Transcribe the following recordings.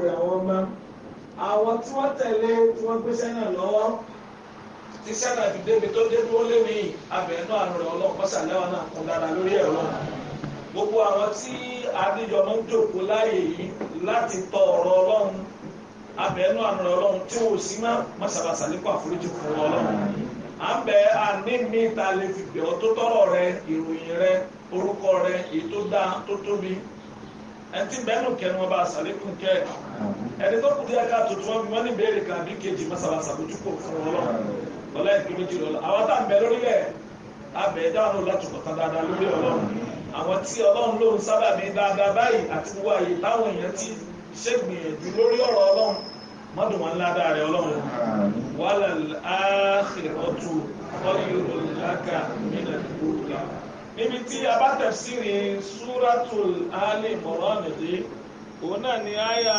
pé àwọn ọmọ àwọn tí wọ́n tẹ̀lé tí wọ́n gbé sẹ́nà lọ́wọ́ tí sẹ́nà fi débi tó dé dúró lémi abẹ̀rẹ̀ náà rẹ̀ ọlọ́pàá sàlẹ́wà náà kún dára lórí ẹ̀rọ gbogbo àwọn tí adéjọmọ́ jókòó láàyè yìí láti tọ ọ̀rọ̀ ọlọ́run abẹ̀rẹ̀ náà rẹ̀ ọlọ́run tí ò sí má mọ̀sàbàsà lẹ́kọ̀ọ́ àforíjì fún ọlọ́run àbẹ̀ àní mi ta lè fi bẹ̀ ọ́ tó tọ́rọ̀ rẹ ìròyìn rẹ orúkọ rẹ èyí tó dáa tó tóbi ẹtí mẹ́nu kẹ́nu ọba àsàlẹ́kùn kẹ́ ẹni tó kù díẹ̀ káàtó tí wọ́n fi ní béèrè kan bí kejì mọ́sálásá lójú kò fún wọn lọ ọlá ìpín méjì lọ́la àwọn tá à ń bẹ lórílẹ̀ abẹ dáhùn lọ́la tó kọ̀tà dáadáa lórí ọlọ́run àwọn tí ọlọ́run ló sábà ní dáadáa báyìí àti wọ àyè táwọn èèyàn ti ṣègbìyànjú lórí ọ̀rọ̀ ọlọ́run mọ́dún wọn ládàá rẹ ọlọ́run wàhálà áàfin ọ̀tún ọ̀yọ́ níbi tí a bá Ali Imran òun náà ni àyà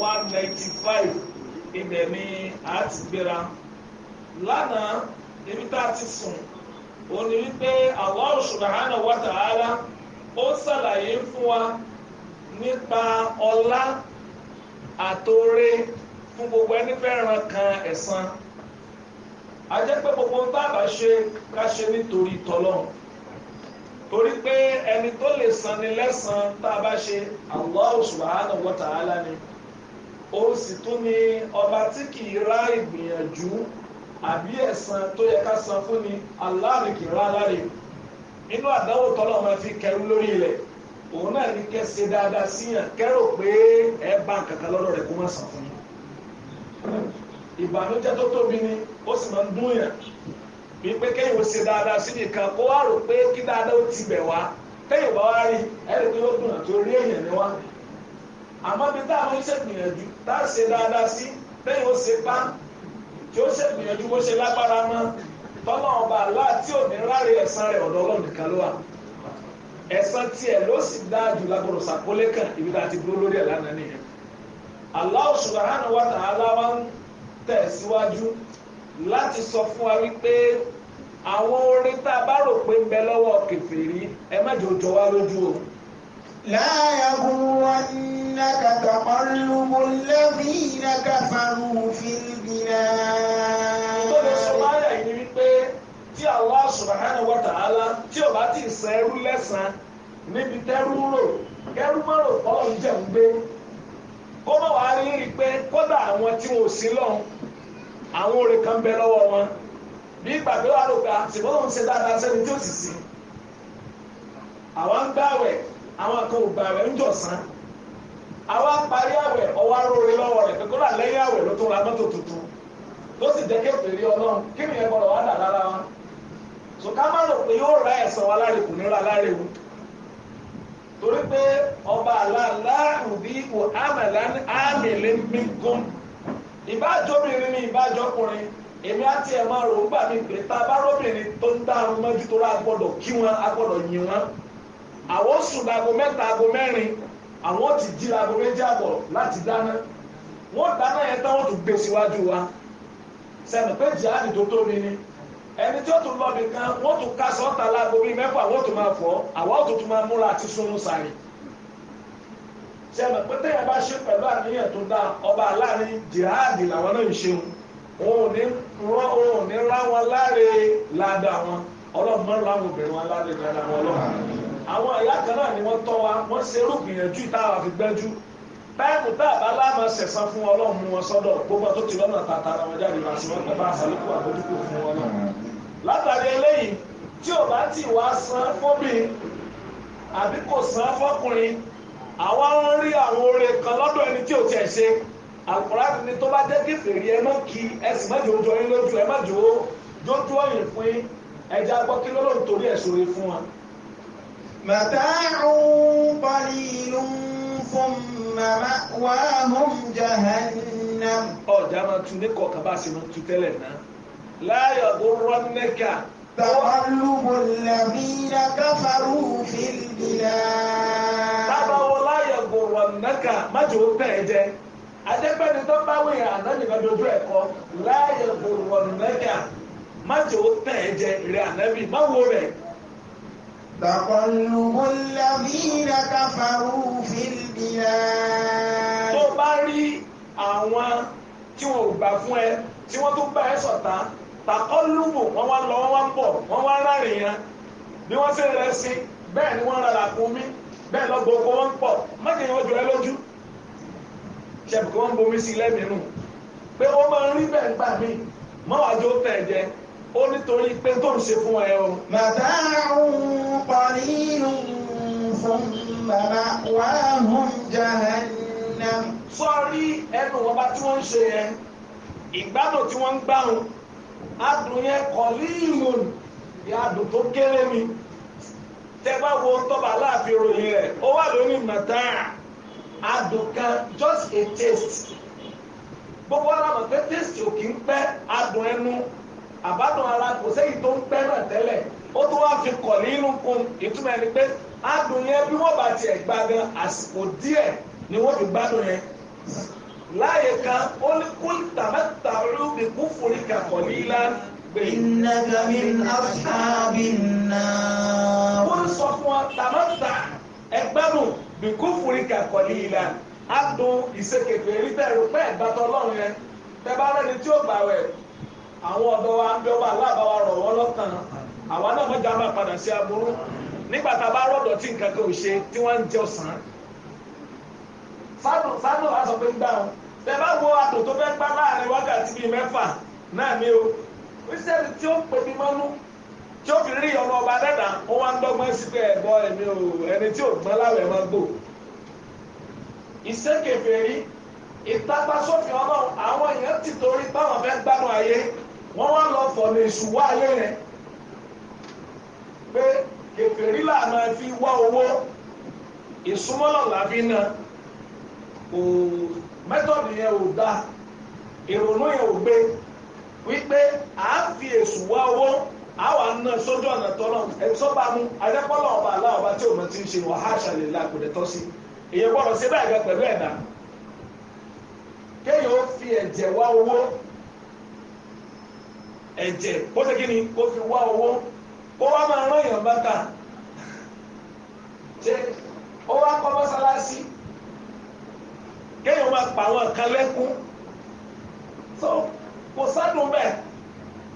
one ibẹ̀ ni a ti gbéra lánàá níbi tá a ti sùn òun wípé wa ó ṣàlàyé fún wa nípa ọlá àtòrè fún gbogbo ẹni fẹ́ràn kan ẹ̀san a jẹ́ pé gbogbo tá a ṣe ká ṣe torí pé ẹni tó lè san ni lẹ́san tá a bá ṣe Allahu subhanahu wa ta'ala ni ó sì tún ni ọba tí kì í rá ìgbìyànjú àbí ẹ̀san tó yẹ ká san fún ni aláàrin kì í rá aláàrin nínú àdánwò tọ́lọ́ máa fi kẹrù lórí ilẹ̀ òun náà ní kẹ́ ṣe dáadáa síyàn kẹ́rò pé ẹ bá nǹkan lọ́dọ̀ rẹ̀ kó má san fún yín ìbànújẹ́ tó tóbi ni ó sì máa ń dún yàn wípé kéèyàn ṣe dáadáa sí nìkan kó wá rò pé kí dáadáa ó ti bẹ̀ wá téèyàn bá wá rí pé ó dùn àti orí èèyàn ni wá àmọ́ bí tá a máa ń ṣègbìyànjú tá a ṣe dáadáa sí ọba rẹ̀ Ọlọ́run nìkan ló wà tiẹ̀ ló kan ibi tá a ti dúró lórí láti sọ fún wa wípé àwọn orin tá a bá rò pé ń bẹ lọ́wọ́ kèfèrí ẹ má jò jọ wá lójú o. láyà غرنك تقلب الذين كفروا في البلاد. tó lè sọ láyà yìí wípé tí Allah subhanahu wa ta'ala tí ó bá ti sẹ́ ẹrú lẹ́sàn-án níbi tẹ́rú rò kẹ́rú mọ́rò fọ́lọ́ ń jẹun gbé kó má wàá rí i pé kódà àwọn tí wọn ò sí lọ́hùn. àwọn oore kan bẹ lọ́wọ́ wọn bí ìgbà wà lóka ṣùgbọ́n òun ṣe dáadáa sẹ́ni tó sì sí àwọn ń gbàwẹ̀ àwọn kan ò gbàwẹ̀ ń jọ̀sán àwa parí àwẹ̀ ọwọ́ aróore lọ́wọ́ rẹ̀ pẹ̀lú àlẹ́yìn àwẹ̀ ló tún ra mọ́tò tuntun tó sì jẹ́ torí pé ọba bí àmàlà ìbájọ́ obìnrin ni ìbájọ́ ọkùnrin èmi àti ẹ̀ máa rò ó gbà mí pé tá a bá róbìnrin tó ń dárun mọ́jú tó rà gbọ́dọ̀ kí wọn a gbọ́dọ̀ yìn wọn àwọn sùn dago mẹ́ta ago mẹ́rin àwọn ti jí ago méjì àbọ̀ láti dáná wọ́n dáná yẹn tán wọ́n tún gbé síwájú wa sẹ́nu pé jihadi tó tóbi ni ẹni tí ó tún lọ́ọ̀dì kan wọ́n tún ká sọ́ọ́ta láago bíi mẹ́fà wọ́n tún máa fọ́ àwọn tó tún máa múra àti sunun sàrìn tí a mọ̀ pé téèyàn bá ṣe pẹ̀lú àníyàn tó dáa ọba aláàrin jihad làwọn náà ń ṣeun òun ò ní rán òun ò ní rán wọn láre ládàá wọn ọlọ́run máa ń obìnrin wọn láre ládàá wọn ọlọ́run àwọn ẹ̀yà kan náà ni wọ́n tọ́ wa wọ́n ṣe irúgbìyànjú táwa fi gbẹ́jú táìmù tá àbá láàmú ṣẹ̀san fún ọlọ́run mú wọn sọ́dọ̀ gbogbo tó ti lọ́nà tàtàrà wọn jáde láti wọn tẹ̀ bá àṣàlùkù àbójúkù fún wọn náà látàrí eléyìí tí ò bá ti wá san fóbìnrin àbí kò san fọkùnrin àwọn ń rí àwọn oore kan lọ́dọ̀ ẹni tí ò tiẹ̀ ṣe àkùrán ni tó bá jẹ́ kí fèrè ẹ má kí ẹ sì má jò ó jọ yín lójú ẹ má jò ó jójú ọ̀yìn fún yín ẹja gbọ́ kí ló lóun torí ẹ̀ sòrè fún wa. mata'un qalilun thumma ma'wahum jahannam. ọ̀jà máa tún ní kọ̀ọ̀kan bá a ṣe máa tún tẹ́lẹ̀ náà la yaghurrannaka. تقلب الذين كفروا في البلاد tábàwọ láyọ̀ gòrò nàkà májò tẹ̀ ẹ́ jẹ́ adẹ́gbẹ́ni tó bá wí ànábìkan dojú ẹ̀kọ́ láyọ̀ gòrò nàkà májò tẹ̀ ẹ́ jẹ́ rẹ̀ ànábì má wo rẹ̀. تقلب الذين كفروا في البلاد tó bá rí àwọn tí wọn ò gbà fún ẹ tí wọn tó bá ẹ ṣọ̀tá tàkọ́ lùbù wọ́n wá lọ wọ́n wá ń bọ̀ wọ́n wá rárìn yẹn bí wọ́n ṣe rẹ̀ sí bẹ́ẹ̀ ni wọ́n rárá kún bẹ́ẹ̀ lọ gbogbo wọn ń pọ̀ mọ́kànlá wọn jùlọ lójú ṣẹ̀bùkú wọn ń bomi sí lẹ́mìíràn pé ó máa ń rí bẹ́ẹ̀ gbà mí mọ́wájú tẹ̀ jẹ́ ó nítorí pé tó ń ṣe fún ẹ o. bàbá òun parí fún bàbá wa hùn jahannam. sọ́ọ́rí ẹnu ọba tí wọ́n ń ṣe yẹn ìgbádùn tí wọ́n ń gbáhùn adùn yẹn kọ̀lí bí adùn tó kéré mi tẹ́ wo tọ́ba ròyìn rẹ̀ ó wà lórí màtá adùn kan just a taste gbogbo ara mọ̀ pé taste ò kì í pẹ́ adùn ẹnu àbádùn ara kò sẹ́yìn tó ń pẹ́ náà tẹ́lẹ̀ ó tún wá fi ìtumọ̀ ẹni pé adùn yẹn bí láàyè kan ó ní kúl tàmẹ́ta olóògbé kú forí gbé. mi ó ní sọ fún wa tàmẹ́ta ẹgbẹ́rún bí kú forí kà kọ̀lílá adùn ìsekèké rí bẹ́ẹ̀ rò tí ó wẹ̀ àwọn ọ̀dọ́ wa ń ọba rọ̀ wọ́n lọ́tàn náà mọ̀jà máa padà sí aburú nígbà tá tí nǹkan kan ò sánù sánù aṣọ pé ń wo àtò tó fẹ́ gbá láàrin wákàtí bíi náà o kristiani tí ó pè mí mọ́nú tí ó fi rí ọmọ ọba dẹ́dà ó wá ń dọ́gbọ́n sí pé ẹ̀gbọ́ ẹ̀mí o ẹni tí ò gbọ́n láwẹ̀ máa gbò ìtàpá sófin àwọn èèyàn ti torí báwọn fẹ́ gbádùn ayé wọ́n wá lọ ayé pé kèfèrí fi wá owó ìsúmọ́lọ̀ làbí náà. O mẹ́tọ̀dù yẹn ò da ìrònú yẹn ò gbé wípé à á fi èṣù wá owó àwa náà sójú ọ̀nà tọ́lọ̀ ẹ̀sọ́ba mu adẹ́pọ́lọ̀ ọba aláwọ̀ba tí òun ti ń ṣe wàhálà ṣàlẹ̀ làkùnrin tọ́ sí èyí gbọ́dọ̀ sí bẹ́ẹ̀ gẹ pẹ̀lú ẹ̀dá kéèyàn ó fi ẹ̀jẹ̀ wá owó ẹ̀jẹ̀ kó ṣe kí ni kó fi wá owó kó wá máa rán èèyàn bàtà ṣe ó wá kọ́ mọ́sálásí kéèyàn máa pa àwọn kan lẹ́kún so kò sádùn bẹ́ẹ̀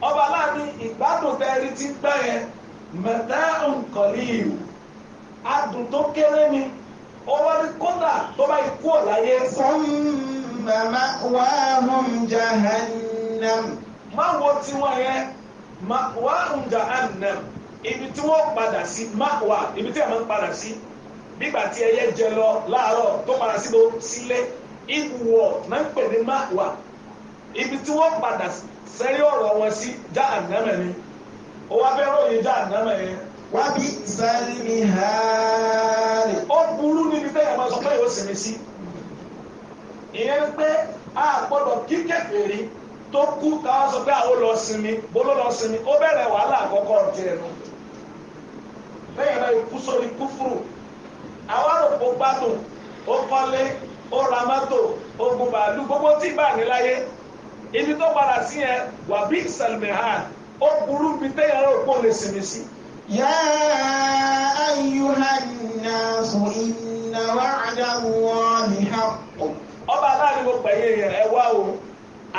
ọba láàánú ìgbádùn tẹ tí ń gbá yẹn mẹ́ta adùn tó kéré ni owó tó bá ikú wà hùn jahannam. máa wo tiwọn yẹn wà hùn ibi tí wọ́n padà sí máa ibi tí wọ́n padà sí. nígbà tí ẹyẹ jẹ lọ láàárọ̀ tó padà síbo sílé ìwọ̀ náà ń pè ní máwà ibi tí wọ́n padà sẹ́rí ọ̀rọ̀ wọn sí já ànámẹ̀ ni ó wá fẹ́ ròyìn já ànámẹ̀ yẹn. wá bí sálímì hàárì. ó burú níbi tẹ́yà máa sọ pé yóò sinmi sí ìyẹn a gbọ́dọ̀ kí tó kú káwọn sọ pé àwọn lọ sinmi bóló lọ sinmi ó bẹ̀rẹ̀ wàhálà àkọ́kọ́ nù náà ikú sórí àwọn àròpọ̀ gbádùn ó kọ́lé ó ra mọ́tò ó gun bàálù gbogbo tí bá ní láyé ibi tó padà sí yẹn wàbí salmehan ó burú bí téèyàn rò lè sinmi sí. yá ayyuhan nas inna wa'da Allahi haqq. ọba aláàrin mo pẹ̀yẹ yẹn ẹ wá o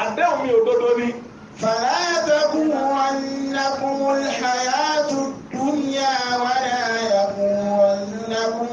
àdéhùn mi òdodo ni. fala taghurrannakumul hayatud dunya wa la yaghurrannakum.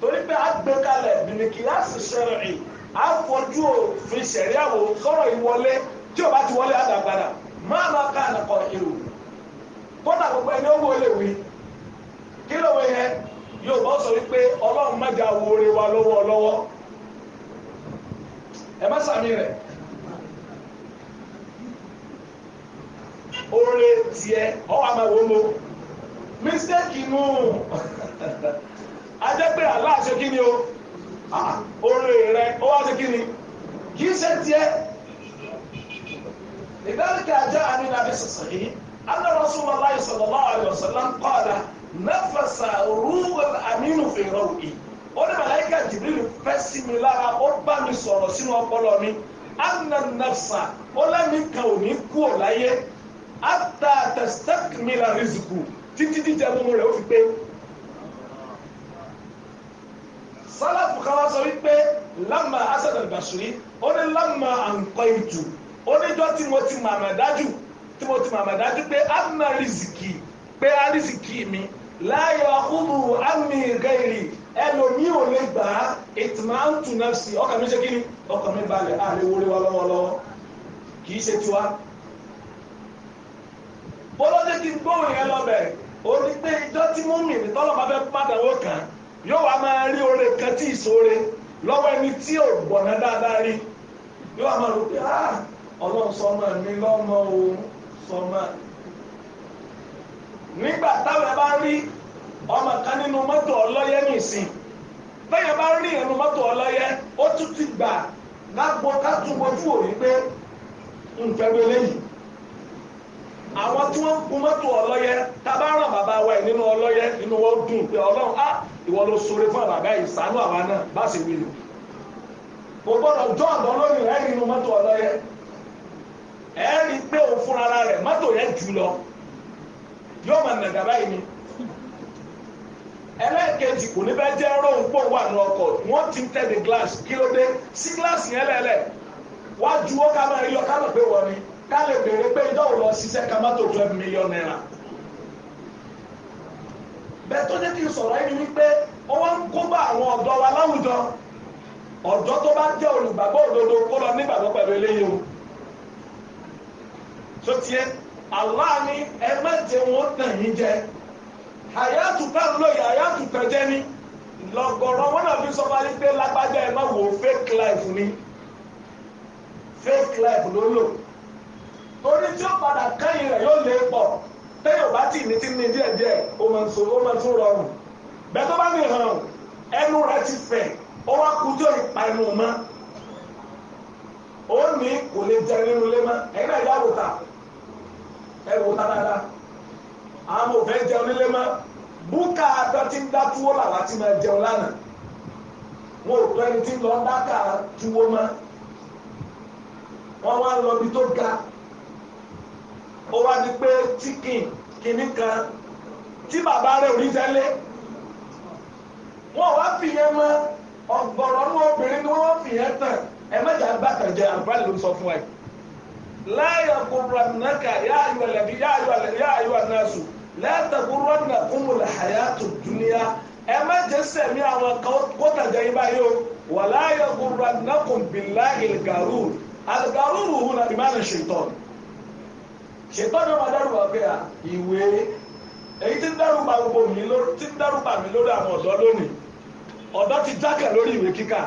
torí pé a gbé kalẹ̀ bìnnìkìláàsì sẹ́rìn a fojú òfin sẹ̀ríà wò sọ̀rọ̀ ìwọlé tí o bá ti wọlé àdàgbàdà máa ma ká ànàkọ̀ èrò kódà gbogbo ẹni ó wọlé wí kí ló wọ yẹn yóò bá sọ wípé ọlọ́run má jà wo ore wa lọ́wọ́ lọ́wọ́ ẹ má sàmì rẹ̀ ore tiẹ̀ ọ̀ wà máa wọ́n mo mistake nù. ajẹ́ pé Allah ṣe kí ni o orin rẹ ó wá ṣe kí ni kì í ṣe tiẹ̀ لذلك جاء من أبي صحيح أن رسول الله صلى الله عليه وسلم قال نفس روح الأمين في روحي ó ní màláíkà jìbìrìlù fẹ́ sí mi lára ó bá mi sọ̀rọ̀ sínú ọpọlọ mi anna nafsa ó lẹ́mí kan ò ní kú ọ̀ láyé hatta tastakmila rizqu títí díjẹ́ mímú rẹ̀ ó fi pé sálàfù kan wá sọ wípé lámà asad al-basri ó ní lámà àǹkọ ìtù ó níjọ́ tí mo ti màmà dájú tí mo ti màmà dájú pé anna riziki pé ariziki mi láyọ̀ àkúrú àmì gẹ̀rì ẹlòmíì ò lè gbà á itma'antu nafsi ọkàn mi ṣe kí ni ọkàn mi balẹ̀ àárẹ̀ wọlé wa lọ́wọ́lọ́wọ́ kì í ṣe tiwa. bọ́lọ́dé ti gbóhùn yẹn lọ bẹ̀rẹ̀ ó ní pé ìjọ tí mú mi ní tọ́lọ́ máa fẹ́ yóò wá máa rí oore kan tí ìṣòre lọ́wọ́ ẹni tí ò gbọ̀nà dáadáa rí yóò wá máa rò pé ah, ọlọ́run sọmọ mi lọ́mọ o sọmọ. nígbà táwọn bá rí ọmọ kan nínú mọ́tò ọlọ́yẹ nìsín bá rí mọ́tò ọlọ́yẹ ó tún ti gbà òní pé nǹkan lẹ́yìn àwọn tí wọ́n gun mọ́tò ìwọ ló sọ̀rọ̀ fún àlàgà ìsànú àwa náà bá sì wí lò kò gbọ́dọ̀ jọ àbọ̀ lórí rẹ̀ nínú mọ́tò ọlọ́yẹ ẹ rí i pé òun fúnra rẹ̀ mọ́tò yẹn jù lọ yóò máa nàgà báyìí ni ẹlẹ́ẹ̀kejì kò ní bẹ́ẹ̀ jẹ́ rọ́ọ̀n pọ̀ wà ní ọkọ̀ wọ́n ti ń tẹ̀lé gíláàsì kí ló dé sí gíláàsì yẹn lẹ́lẹ̀ wá ju ó ká máa yọ ká lọ pé wọ́n ni ká lè béèrè pé ìjọ́ lọ ṣiṣẹ́ ká má twelve million naira bẹ́ẹ̀ tó jẹ́ kí sọ̀rọ̀ ẹni wípé ó ń kóbá àwọn ọ̀dọ́ wa láwùjọ ọ̀dọ́ tó bá jẹ́ olùgbàgbọ́ òdodo kó lọ nígbàgbọ́ pẹ̀lú eléyìí o tó tiẹ́ Allah ni ẹ má wọn tàn yín jẹ ni wọn náà fi sọ fún lágbájá ẹ má wò ó fake life ni fake life ló lò tẹ́yọ̀ bá tí ní díẹ̀ díẹ̀ o máa ń so ma máa ń tún rọrùn bẹ́ẹ̀ tó bá ní hàn ẹnu rẹ ti fẹ̀ ó wá kújọ́ ìpa ẹnu mọ́ ó ní kò lè jẹ nínú ilé mọ́ ẹ̀yin náà yá wò ta ẹ ta dáadáa àwọn ò fẹ́ jẹun nílé mọ́ búkà ń dá túwó làwọn ti máa jẹun ó wá di pé chicken kìíní kan tí bàbá rẹ̀ ò ní tẹ́lẹ̀ wọ́n wá fìyẹn mọ́ ọ̀gbọ̀rọ̀ ọ̀nù obìnrin ni wọ́n fìyẹn tàn ẹ mẹ́ta gbàtàjẹ àgbàlè ló ń sọ fún ẹ láyà kúrọ̀nàkà yá ayọ̀ lẹ́bi yá ayọ̀ nàṣù lẹ́tà kúrọ̀nà kúmùlà hayatu dúníyà ẹ má jẹ́ sẹ̀mí àwọn kọ́tàjẹ yín báyìí o wà láyà kúrọ̀nàkùn bìláhìl gàrúù àgàrúù hùwà ìmáà ní ṣètọ́nù ṣètọ́jú ọmọ dárúbà pé à ìwé èyí tí ń dárúbà gbogbo mi lórí tí ń dárúbà mi lórí àwọn ọ̀dọ́ lónìí ọ̀dọ́ ti jákè lórí ìwé kíkà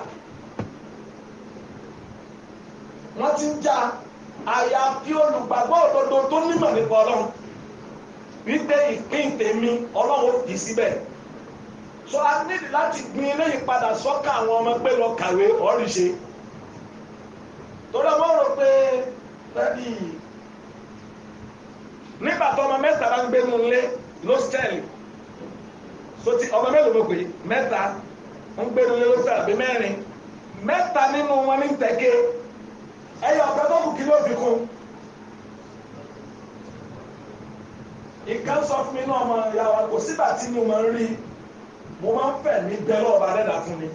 wọ́n ti ń já àyàfi olùgbàgbọ́ òdodo tó nímọ̀ nípa ọlọ́run wípé ìpín tèmi ọlọ́run fi síbẹ̀ so a nílò láti gbin eléyìí padà sọ́kà àwọn ọmọ pé lọ kàwé ọ̀rìṣe tó lọ́wọ́ rò pé fẹ́ẹ́ bíi nígbà tó ọmọ mẹ́ta bá ń gbé nu ilé lọ́sítẹ́ẹ̀lì sotí ọmọ mélòó ló pè mẹ́ta ń gbé nu ilé lọ́sítẹ́ẹ̀lì bí mẹ́rin mẹ́ta nínú wọn ní tẹ́kẹ́ ẹ̀yọ ọ̀pẹ tó kù kí ló fi kún. ìkan sọ fún mi náà ọmọ ìyá wa kò sígbà tí mo máa ń rí mo máa ń fẹ̀ ní bẹ́lọ́ ọba dẹ́dà fún mi.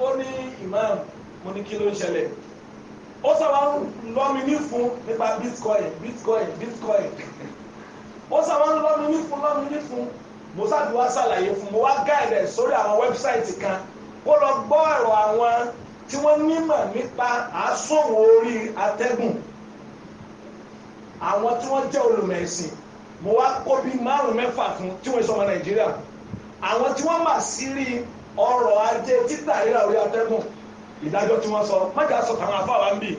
ó ní ìmáàmù mo ní kí ló ń ṣẹlẹ̀ ó sábà ń lọ́ mi ní fún nípa bitcoin bitcoin bitcoin ó sábà ń lọ́ mi ní fún lọ́ mi ní fún mo sáàdù wá ṣàlàyé fún mo wá gáàdì ẹ̀ sórí àwọn wẹ́bsáìtì kan kó lọ gbọ́ ọ̀rọ̀ àwọn tí wọ́n nímọ̀ nípa àásùnwọ̀n orí atẹ́gùn àwọn tí wọ́n jẹ́ olùmọ̀ mo wá kó bíi márùn mẹ́fà fún tí wọ́n sọ ọmọ Nàìjíríà àwọn tí wọ́n mà sí rí ọrọ̀ ajé títà rírà orí atẹ́gùn ìdájọ́ tí wọ́n sọ mọ́jà sọ tàwọn afáwa ń bì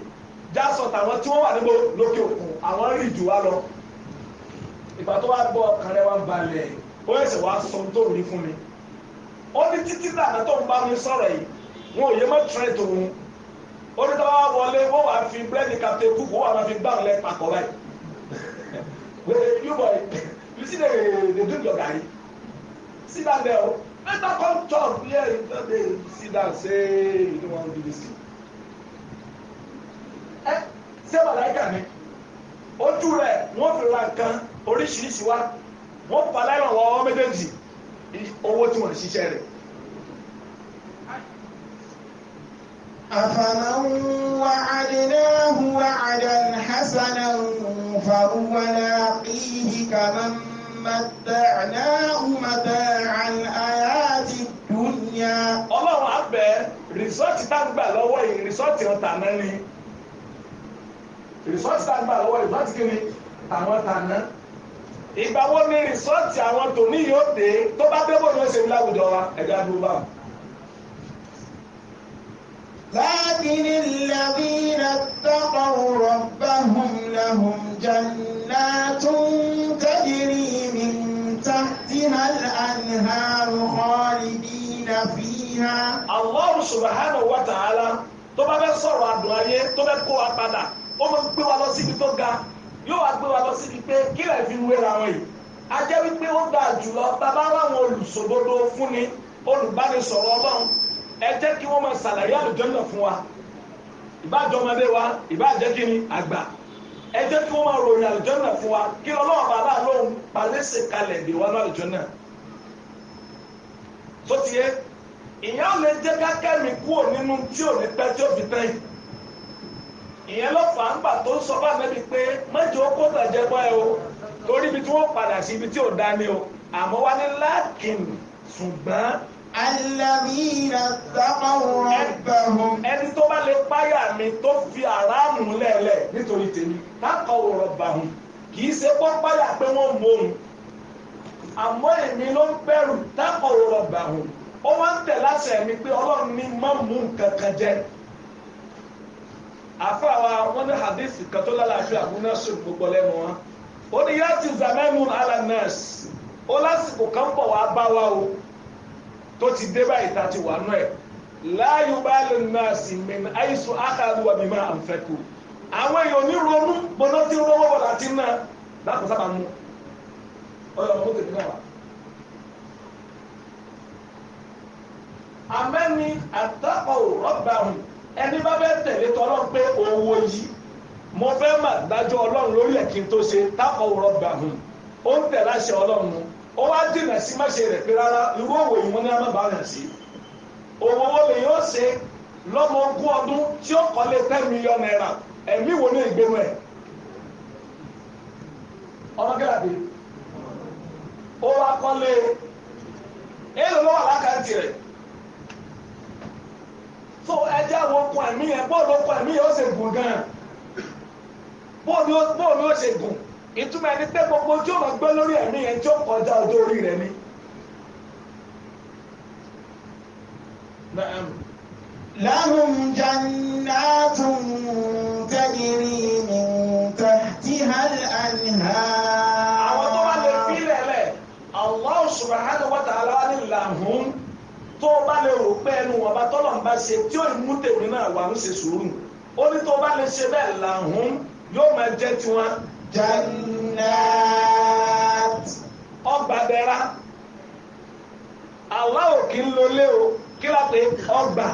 já sọ tàwọn tí wọ́n wà níbo lókè òkun àwọn rí jù wá lọ ìgbà tó wá gbọ́ ọkàn rẹ wá ń balẹ̀ ó ẹ̀sẹ̀ wá sọ tó rí fún mi ó ní títí lànà tó ń bá mi sọ̀rọ̀ yìí wọn ò yẹ mọ́ tìrẹ̀ tòun ó ní tọ́wọ́ wọlé wọ́n wàá fi búrẹ́dì kàtẹ́ kú wọ́n wàá fi gbà lẹ́ pàkọ́ báyìí wẹ́ẹ́ yóò bọ̀ you see the the do see that there later come chop here you don dey see that say you no wan do this thing ẹ eh, ṣé màláìka ni ojú rẹ wọn fi ra nǹkan oríṣiríṣi wá wọn pa láìlọ ọwọ́ méjèèjì owó tí wọn ṣiṣẹ́ rẹ. أفمن وعدناه وعدا حسنا فهو لاقيه كمن متعناه tàgbà lọ́wọ́ yìí rìsọ́ọ̀tì wọn tàná ni rìsọ́ọ̀tì tàgbà lọ́wọ́ yìí láti kí àwọn tàná ìgbà wo ni rìsọ́ọ̀tì àwọn tòní yóò dé tó bá dé bòun ló ṣe láwùjọ wa ẹ̀dá dúró bá wọn. لكن الذين اتقوا ربهم لهم جنات تجري من تحتها الأنهار خالدين فيها gan Allahu subhanahu wa ta'ala tó bá fẹ́ sọ̀rọ̀ àdùn ayé tó fẹ́ kó wa padà ó máa ń wa lọ síbi tó ga yóò wá gbé wa lọ síbi pé kí lè fi wéra wọn yìí a jẹ́ wípé ó ga jùlọ bàbá láwọn olùṣòdodo fúnni olùbánisọ̀rọ̀ ọlọ́run ẹ jẹ́ kí wọ́n máa ṣàlàyé àlùjọ́nà fún wa ìbájọ́ ọmọdé wa ìbájẹ́ kí ni àgbà ẹ jẹ́ kí wọ́n máa ròyìn àlùjọ́nà fún wa kí ọlọ́run bàbá lóhun palẹ́sẹ̀ kalẹ̀ dè wá lálùjọ́nà tó ti yẹ ìyẹn ò lè jẹ́ kákẹ́ mi kúrò nínú tí ò ní pẹ́ tí ò fi tẹ́ yìí ìyẹn ló fà á ńgbà tó ń sọ bá mẹ́bi pé mẹ́jọ kó tàjẹ́ bọ́ ẹ o torí ibi tí wọ́n padà sí ibi tí ò dá ni o àmọ́ wá ní lákìn ṣùgbọ́n. Alẹ́mìíràn sábàwọ̀ ẹgbẹ̀rún. Ẹni tó bá lè páyà mi tó fi àràmù lẹ̀lẹ̀ nítorí tèmi lákọ̀ wọ̀rọ̀ bà hùn kì í ṣe pọ́ páyà pé wọ́n mú òun. Àmọ́ èmi ló ń bẹ̀rù lákọ̀ wọ̀rọ̀ bà ó wá ń tẹ̀ láṣẹ mi pé ọlọ́run ní mụ mú jẹ wa wọn ní hadith kan lálàáfíà àbúná sùn gbogbo lẹ́nu wọn ó ní ó lásìkò kan pọ̀ wá bá wa o tó ti dé báyìí tá a ti wà nù ẹ̀ láàyò bá lè nà àìsùn àkàlù wà mí máa àwọn èèyàn ní ronú gbọ́dọ̀ tí amẹ́ni àtàkọ̀ rọ́bàrún ẹni bá bẹ́ẹ̀ tẹ̀lé tọ́lọ́n pé owó yìí mo fẹ́ mà dájọ́ ọlọ́run lórí ẹ̀ n tó ṣe tákọ̀ rọ́bàrún ó ń tẹ̀lé àṣẹ ọlọ́run ó wá dènà sí máṣe rẹ̀ pé rárá irú òwò yìí mo ní àmọ́ bá rẹ̀ sí òwò wo lè yóò ṣe lọ́mọ ogún ọdún tí ó kọ́lé ẹ̀mí wo ni ìgbénu ẹ̀ ọmọ so ẹjẹ́ àwọn okun ẹ̀mí yẹn gan-an ó ṣe gùn ìtumọ̀ ẹni pé gbogbo ojú gbé lórí yẹn tí ó kọjá ọjọ́ orí rẹ̀ ni. لهم جنات تجري من تحتها الأنهار. àwọn tó o bá lè rò pé ẹnu ọba tọ́lọ̀ ń bá ṣe tí ó mú tèmi náà wà ń ṣe sùúrù ó ní tó o bá lè ṣe bẹ́ẹ̀ làhùn yóò máa jẹ́ tiwọn. jannat ọgbà dẹra aláwò kì í lólé o kí la pé ọgbà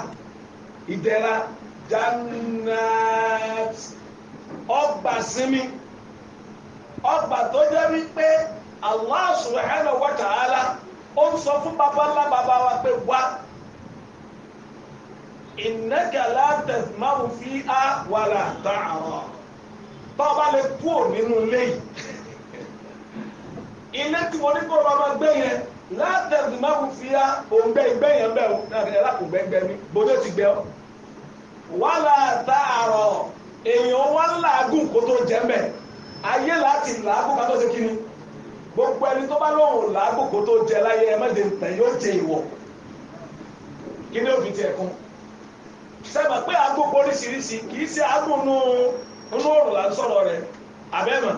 ìdẹ̀ra jannat ọgbà sinmi ọgbà tó jẹ́ wípé Allah subhanahu wa ta'ala ó ń sọ fún bàbá ńlá bàbá wa pé wá ìnẹ́gà látẹ̀ máa ń fi á wàrà tá àrọ̀ tó o bá lè kú ò nínú ilé yìí ilé tí mo ní kó o bá máa gbé yẹn látẹ̀ máa ń fi á òun bẹ́ẹ̀ gbé yẹn bẹ́ẹ̀ o náà fi ẹ̀ lákùngbẹ́ gbẹ mi bóyá ti gbẹ ọ́ wàrà tá àrọ̀ èèyàn wá ń làágùn kó tó jẹ́ mẹ́ ayé láti làágùn ká ṣe kí ni gbogbo ẹni tó bá lóhùn làákòókò tó jẹ láyé ẹ má dé tẹ̀ yóò jẹ ìwọ̀ kí ni òfin tiẹ̀ kún sẹ́mọ̀ pé àgbòkò oríṣiríṣi kì í ṣe àgbònú inú òrùn là ń sọ̀rọ̀ rẹ̀ àbẹ́mọ̀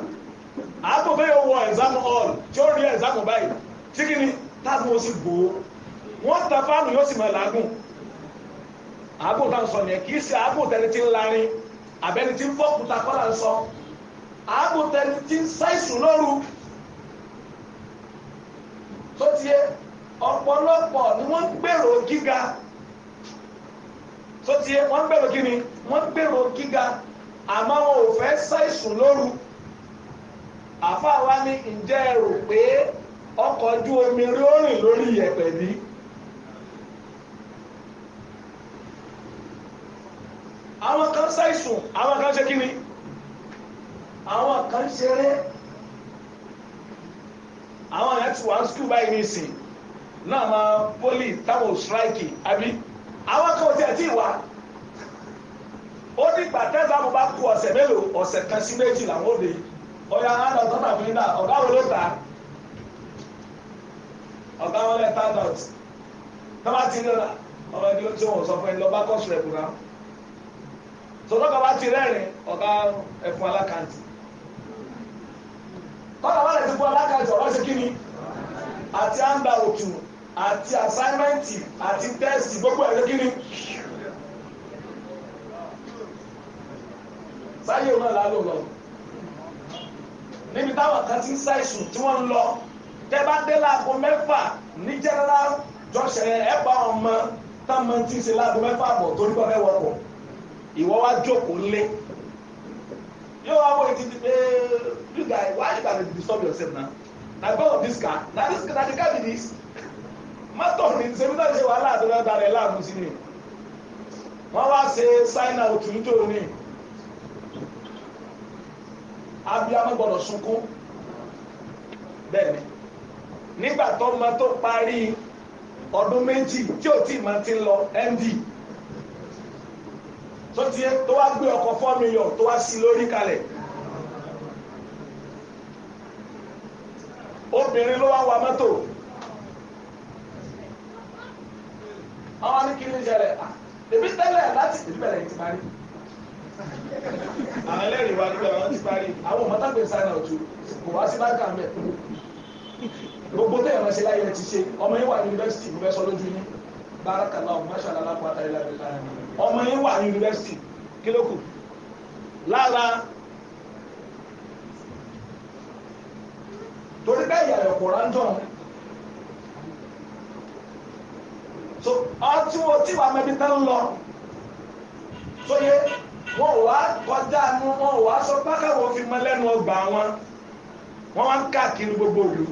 àgbòkò yóò wọ exam hall tí ó rí exam báyìí tí kì ni táàgùn ó sì gbòó wọ́n ta fáànù yóò sì mọ̀ làágùn àgbò tá à ń sọ yẹn kì í ṣe àgbò tẹni tí ń larin àbẹ́ni tí ń fọ́kùtà kọ́là ń sọ àgbò tẹni tí ń ṣàìsùn lóru tó ti yẹ ọ̀pọ̀lọpọ̀ ni wọ́n ń gbèrò gíga tó ti yẹ wọ́n ń gbèrò kíni wọ́n ń gbèrò gíga àmọ́ wọn ò fẹ́ ṣàìsùn lóru àfa wa ní ǹjẹ́ ẹ rò pé ọkọ̀ ojú omi rí ó rìn lórí ìyẹ̀pẹ̀ bí. àwọn kan ṣàìsùn àwọn kan ṣe kíni àwọn kan ṣeré àwọn èèyàn ti wà á skul báyìí ní ìsìn náà máa pólì táwọn strike àbí àwọn kan ti àti ìwà ó ní gbàtẹ́sà mo bá kú ọ̀sẹ̀ mélòó ọ̀sẹ̀ kan sí méjì làwọn òde ọ̀yà àná tó tàbí nínú ọ̀gá wo ló tà ọ̀gá wọn lẹ̀ tán dọ̀tí tó bá ti lọ́la ọmọ ẹni tí wọ́n sọ fún ẹni lọ́ba kọ́sùn ẹ̀kú náà tòlọ́kọ̀ bá ti rẹ́rìn ọ̀gá ẹ̀fún alákàntì bákan wà lẹ́sìn fún alákàtọ̀ wá sí kíni àti àǹdà òtù àti àsáímẹ́ǹtì àti tẹ́sì gbogbo ẹ̀ kíni. sáyé wọn là ló lọ níbi táwọn kan ti ń ṣàìsùn tí wọ́n ń lọ tẹ́ bá dé láago mẹ́fà ní jẹ́rẹ́lá jọ́sẹ̀ ẹ̀ bá wọn mọ táwọn ti ń ṣe láago mẹ́fà bọ̀ torí bá fẹ́ wọkọ̀ ìwọ wá jókòó lé yóò wá wọ ìdíje you guy why you gats dey disturb yourself now? na because of this car na this na the car be this master mi ṣe mi náà ṣe wàhálà àti ọ̀dà rẹ̀ láàmú sí ni wọ́n wá ṣe sign out nítorí ní abiyamọ gbọ́dọ̀ sunkún bẹ́ẹ̀ ni nígbà tó ma tó parí ọdún méjì tí ò tí ma ti lọ md tó ti tó wá gbé ọkọ̀ four million tó wá sí lórí kalẹ̀. obìnrin ló wá wa mọ́tò àwọn ní kí ni ìṣẹ̀lẹ̀ ah, èmi tẹ́lẹ̀ láti ìbẹ̀rẹ̀ ti parí àwọn ẹlẹ́rìí wa níbẹ̀ wọ́n ti parí àwọn ọ̀mọ́tàgbé sáyẹn ọ̀tún kò wá sí báńkà mẹ́ gbogbo tẹ̀yàn ránṣẹ́ láyé ẹ ti ṣe ọmọ yín wà ní yunifásitì mo fẹ́ sọ lójú yín barakallahu masha Allah lápá àtàlẹ́ lábẹ́ láàrin ọmọ yín wà ní yunifásitì kí lára torí bẹ́ẹ̀ yà rẹ̀ kọ̀ọ̀rá so ọtí wo tí wàá mẹbi tán lọ sóye wọn wà kọjá nu wọn wà sọ pákàwọ fi mọ lẹ́nu ọgbà wọn wọn wá ń káàkiri gbogbo ìlú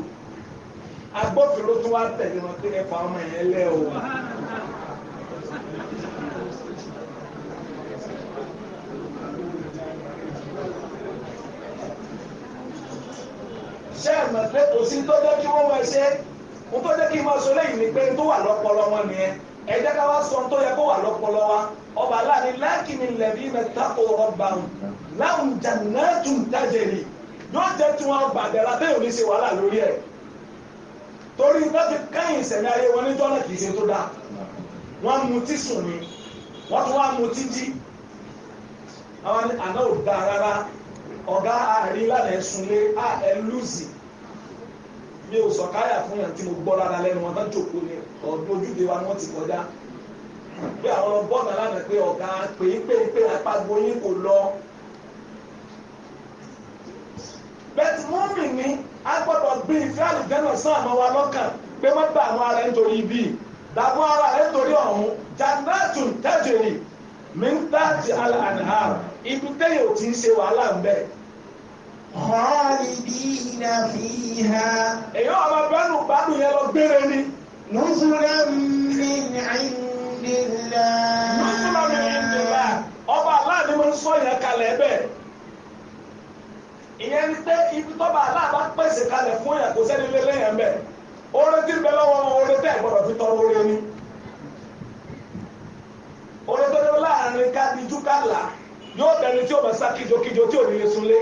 agbófinró tún wá tẹ̀lé wọn pé ẹ fà ọmọ yẹn lẹ́ sí tó jẹ́ kí wọ́n máa ṣe ohun tó jẹ́ kí n máa sọ lẹ́yìn ni pé tó wà lọ́pọlọ wọn nìyẹn ẹ ká wá sọ tó yẹ kó wà lọ́pọlọ wa ọba aláàánú lákìní lẹ́bí mẹ́ta kó rọ́bà ń láwùn jàǹdà tún dájẹ́rì yóò jẹ́ tí wọ́n la bẹ́ẹ̀ ò ní ṣe wàhálà lórí ẹ̀ torí bá ti kẹ́yìn sẹ̀mí ayé wọn níjọ́ náà kì í ṣe tó dáa wọ́n mutí sùn ni wọ́n tún wá mutí jí àwọn àná ò dáa rárá ọ̀gá àárín lánàá ẹ̀sùn lé à ẹ̀ lùzì mi ò sọ̀káyà fún yàn tí mo gbọ́ lára lẹ́nu wọn tán jòkó ni ọ̀dún ojúde wa ni wọ́n ti kọjá pé àwọn bọ́ọ̀nà lánàá pé ọ̀gá pé pé pé apágbó yín kò lọ. bẹ́ẹ̀ mọ́mì ni a gbọ́dọ̀ gbé ìfẹ́ àlùjẹ́nà sán àmọ́ wa lọ́kàn pé wọ́n gba àwọn ara nítorí ibi dàgbọ́ ara rẹ̀ nítorí ọ̀hún jannatun tajri min tahtiha al-anhar ibi téèyàn ò ti ń ṣe wàhálà ń bẹ́ẹ̀ khalidina fiha. èèyàn àwọn abẹ́nu gbádùn yẹn lọ gbére ni. nuzulan min indillah. nuzulan min indillah ọba aláàbí máa ń sọ yẹn kalẹ̀ bẹ́ẹ̀ ìyẹn ní pé ibi tọ́ba aláàbá pèsè kalẹ̀ fún yẹn kò sẹ́ni lé lẹ́yìn bẹ́ẹ̀ oore tí bẹ lọ́wọ́ wọn oore tẹ́ gbọ́dọ̀ fi tọrọ oore ni oore tó lọ láàrin ká dijú yóò bẹni tí o bẹ sá kíjokíjo tí ò ní lè sunlé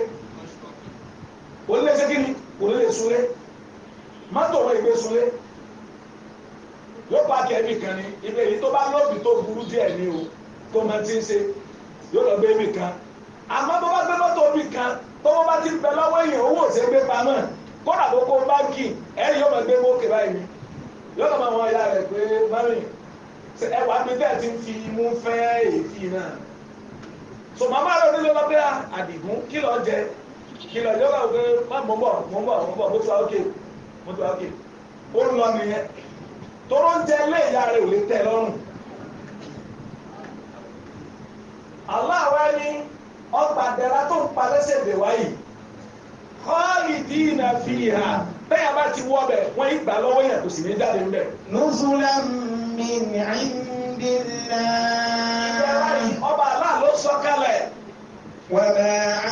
kò lè ṣe kí ni kò lè súnlé mọ́tò náà ìgbé súnlé yóò pààkì ẹ̀mí kan ní ibẹ̀ yìí tó bá lóògì tó burú díẹ̀ ní o tó máa ti ń ṣe yóò lọ gbé ẹ̀mí kan àmọ́ tó bá gbé mọ́tò ẹ̀mí kan tó wọ́n bá ti bẹ lọ́wọ́ èèyàn owó ò ṣe gbé pa náà kódà tó kó báńkì ẹ̀rí yóò máa gbé mókè báyìí yóò lọ́ máa wọn ya rẹ̀ pé mami ẹ wàá gbé bẹ́ẹ̀ ti ń fi imú fẹ́ èéfì náà so màmá rẹ̀ onílé lọ kìlọ̀ ìjọba wò pé má mọ̀ bọ̀ mọ̀ bọ̀ mọ̀ bọ̀ mo ti wá ókè mo ti wá ókè ó ń lọ nìyẹn tóró ń jẹ ilé ìyá rẹ̀ ò lè tẹ́ lọ́rùn. aláwa ni ọgbà dẹ̀ra tó ń palẹ́sẹ̀ dè wáyé kọ́ọ̀lì dìínà fi hà bẹ́ẹ̀ bá ti wọ́ bẹ̀ wọ́n yí gbà lọ́wọ́ yẹn kò sì ní jáde ń bẹ̀. nùsùlá mi ní àyíndínlá. ọba aláàlọ́ sọ kalẹ̀. wẹ́ẹ́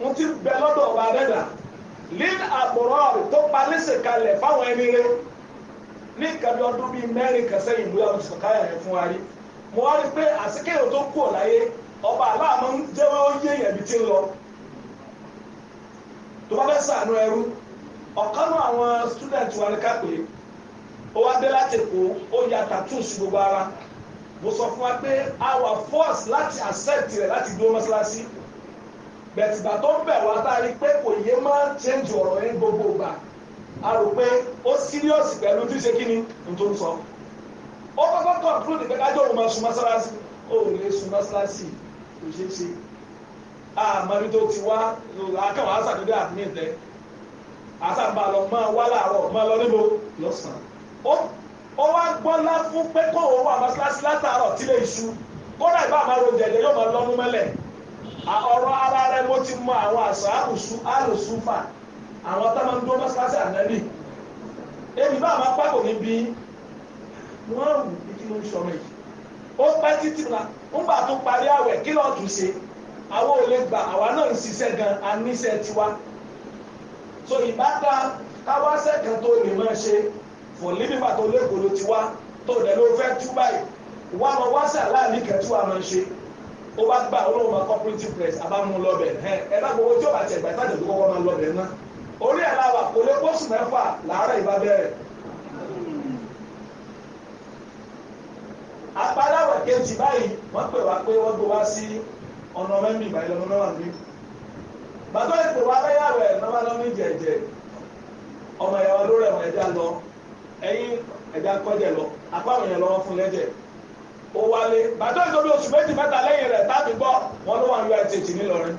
mo ti bẹ lọ́dọ̀ ọba dẹ́dà lin àpòrọ́ọ̀rì tó palẹ́sẹ̀ kalẹ̀ fáwọn ẹni rẹ ní ìkàbí ọdún bíi mẹ́rin kan sẹ́yìn ìlú àwọn sọ̀káyà rẹ̀ fún wa rí mo wá rí pé àsìkéyò tó kù ọ̀láyé ọba aláàmọ́ ń jẹ́wọ́ ó yé èèyàn bí ti ń lọ tó bá fẹ́ sànú ẹrú ọ̀kan náà àwọn student wa ní kápẹ́ ó wá dé láti èkó ó ya tattoos gbogbo ara mo sọ fún wa pé a force láti accept rẹ̀ láti dúró mọ́ṣáláṣí. bẹ̀tìgbà tó ń bẹ̀ wá tá a rí pé kò yé máa ń change ọ̀rọ̀ gbogbo gbà a rò pé ó serious pẹ̀lú tí kí ni tó ń sọ ó kọ́kọ́ conclude pé kájọ́ òun máa sun mọ́sálásí ó lè sun kò ṣeé ṣe àmọ́ni tó ti wá akẹ́wọ̀n àṣàdúdé àṣàǹbà lọ lọ níbo lọ́sàn-án ó wá pé kó òun wà ọ̀rọ̀ ara rẹ mo ti mọ àwọn àṣà àrùsúfà àwọn tá máa ń dúró mọ́sálásí ànábì èmi bá àwọn apá kò ní bí wọ́n rù bí kí ló ń sọ mẹ́jì ó pẹ́ títí na ńgbà tó parí àwẹ̀ kí lọ́ọ́ tún ṣe àwọn ò lè gbà àwa náà ń ṣiṣẹ́ gan aníṣẹ́ tiwa so ìbáta káwá sẹ́kàn tó lè máa ṣe fò nígbà tó lè kòló tiwa tó dẹ̀ ló fẹ́ tú báyìí wọ́n á máa wá sàlámì kẹ́tù àmọ́ ṣe ó bá gbà olóhùn máa cooperative press abámu lọ́bẹ̀ ẹ bá gbogbo tí ó bá tẹ̀ gbà ìtàjẹ̀ tó kọ́kọ́ máa lọ́bẹ̀ ná orí ẹ̀ láwà kò lè pósù mẹ́fà làárọ̀ ìbá bẹ̀rẹ̀ apaláwọ̀ kejì báyìí wọ́n pè wá pé wọ́n gbé wá sí ọ̀nà mẹ́mì ìgbà ìlọ́mọ náà ní bàbá ìpè wá bẹ́yàwó ẹ̀ náà lọ́ ní jẹ̀jẹ̀ ọmọ ìyàwó lórí ẹ̀wọ̀n ẹ̀dá lọ ẹ̀yìn ẹ̀dá kọ́jẹ̀ lọ apá àwọn èèyàn lọ́wọ́ fún lẹ́jẹ̀ ó wálé bàtà ìtòbí oṣù méjì mẹ́ta lẹ́yìn rẹ̀ tábì gbọ́ wọn ló wà ní USH nílọrin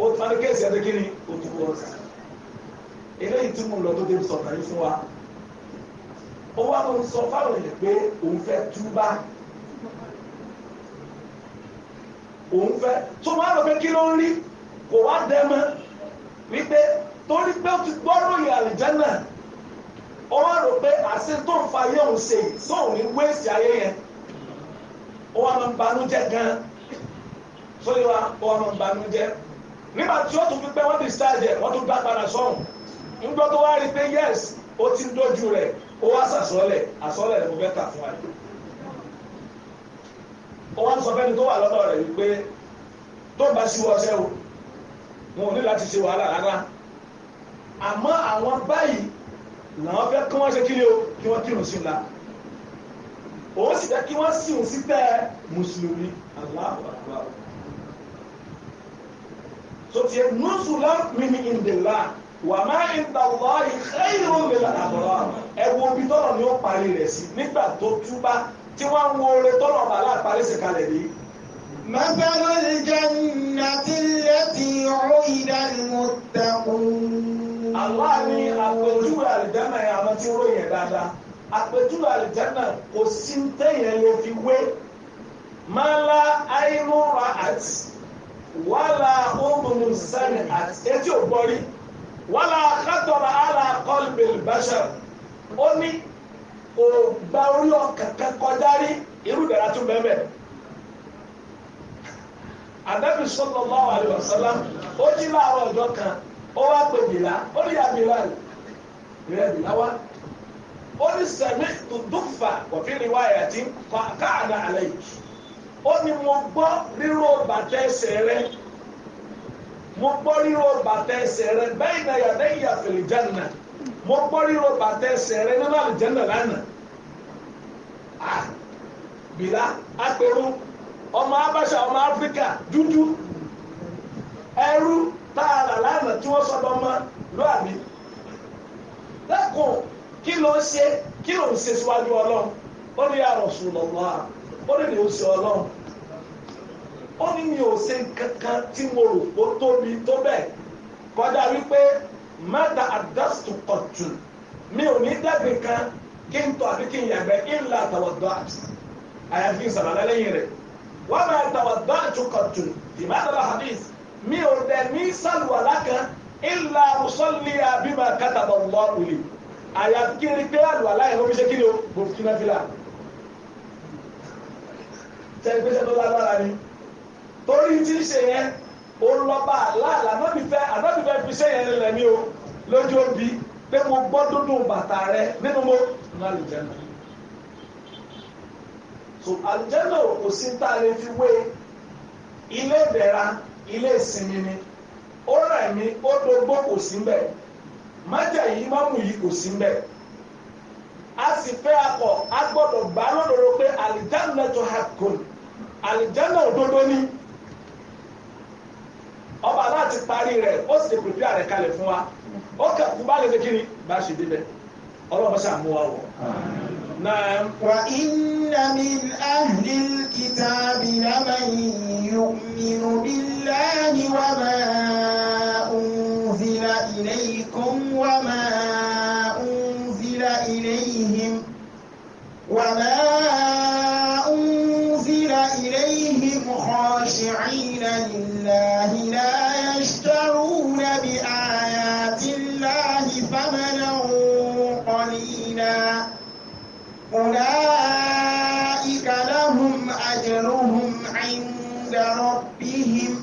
ó ti fani kéèsì ẹni kíni òdìbò ọ̀sán eléyìí tí mo lọ tó débi sọ̀rọ̀ yìí fún wa ó wá ló ń sọ fáwọn èèyàn pé òun fẹ́ túbá òun fẹ́ tó máa lọ pé kí ló ń rí kò wá dẹ́mọ́ wípé torí pé ó ti gbọ́rọ̀ yìí àlìjẹ́nà ó wá rò pé àṣẹ ń fa ayé ṣe tó ní wéèsì ayé yẹn ó wà máa ń banújẹ́ gan sórí wa ó wà máa ń banújẹ́ nígbà tí ó tún fi pé wọ́n ti ṣáàjẹ wọ́n tún gbá padà sọ́hùn nígbà tó wá rí pé yes ó ti ń dojú rẹ̀ ó wá sàsọ́lẹ̀ àsọ́lẹ̀ rẹ̀ mo fẹ́ kà fún wa yìí ó wá ń sọ fẹ́ni tó wà lọ́dọ̀ rẹ̀ wípé tó bá sí wọ́ọ́sẹ́ o wọn ò ní láti ṣe wàhálà rárá àmọ́ àwọn báyìí làwọn fẹ́ kí wọ́n ṣe kí ni o kí wọ́n kírun sí i la òun sì fẹ́ kí wọ́n sì ń sípẹ́ mùsùlùmí Allahu Akbar so tiẹ̀ nùsùlá mímí ìndèlá wà má ìdàlọ́ ìkẹ́yìnrò mìíràn àbọ̀rọ̀ ẹ wo ibi tọ́rọ̀ ni ó parí rẹ̀ sí nígbà tó túbá tí wọ́n ń wo oore tọ́rọ̀ bàlá sí kalẹ̀ yìí. مثل الجنة التي وعد المتقون الله ni àpèjúwe àlùjánnà yẹn àwọn tí ó ròyìn dáadáa àpèjúwe àlìjánà kò sí téèyàn lè fi wé mọ́lá àìmúra àti wàlà ọmọnù sani àti etí ògbọ́rí wàlà akátọ̀rọ̀ àlà kọ́lbìl bàṣà ó ní kò gba orí ọ̀kẹ́kẹ́ kọjá rí irú dàrá tún bẹ́ẹ̀ bẹ́ẹ̀ anabi sallallahu alaihi wasallam ó jí láàárọ̀ ọjọ́ kan ó wá pè bìlá ó ní yà bìlá rẹ̀ bìlá wá. ó ní sẹ̀mí tùdúfà wọ̀fí ni wáyà tí káàdà mo gbọ́ ríró bàtà ẹsẹ̀ mo gbọ́ ríró bàtà ẹsẹ̀ rẹ bẹ́ẹ̀ náà yàtọ̀ ìyá fèrè jẹ́nà mo gbọ́ ríró bàtà ẹsẹ̀ rẹ nínú àlùjẹ́nà lánàá bìlá apẹ̀rù tí kí ló ṣe kí ló ń ṣe síwájú ọlọ́run ó ní ya Rasulullah ó ní ní o ṣe ọlọ́run ó ní mi ò ṣe kankan tí mo rò ó tóbi tó bẹ́ẹ̀ kọjá wípé mẹ́ta àdásùtù kọ̀tù mi ò ní dẹ́gbẹ̀ kan kí n tọ́ àbí kí n yàgbẹ́ ìlà àtàwọ̀dọ́ àti àyàfi ìsàlàlẹ́ lẹ́yìn rẹ̀ wọ́n máa tàwọ̀dọ́ àti kọ̀tù ìmọ̀tàlá hadith mi ò dẹ̀ ní sàlùwàlá kan ìlà àrùsọ́lì àbí máa kátàbọ̀ lọ́ọ̀lì àyàfi kí ni pé àlùwàlá yẹn ló fi ṣe kí ni o kò fila. náà fi là sẹ́yìn pé sẹ́yìn tó lágbára ni torí tí ń ṣe yẹn ó lọ bá àlàlà ànábìfẹ́ ànábìfẹ́ fi ṣe yẹn lẹ̀ ní o lójú òbí pé mo gbọ́ dúndùn bàtà rẹ nínú mo nínú àlùjẹ́nà so àlùjẹ́nà kò sí tá a lè fi wé ilé ìdẹ̀ra ilé ìsinmi ni ó rẹ̀ mí ó dogbó kò sí bẹ́ẹ̀. májà yìí mámù yìí kò sí a sì fẹ́ akọ a gbọ́dọ̀ gbà lọ́dọ̀ọ́dọ́ pé àlìjáná tó ha kò ni ọba láti parí rẹ̀ ó sì pèpè àrẹ kalẹ̀ fún wa ó kà kú bá lè dé kíni bá ṣe débẹ̀ ọlọ́run wa إليكم وما أنزل إليهم وما أنزل إليهم خاشعين لله لا يشترون بآيات الله ثمنا قليلا أولئك لهم أجرهم عند ربهم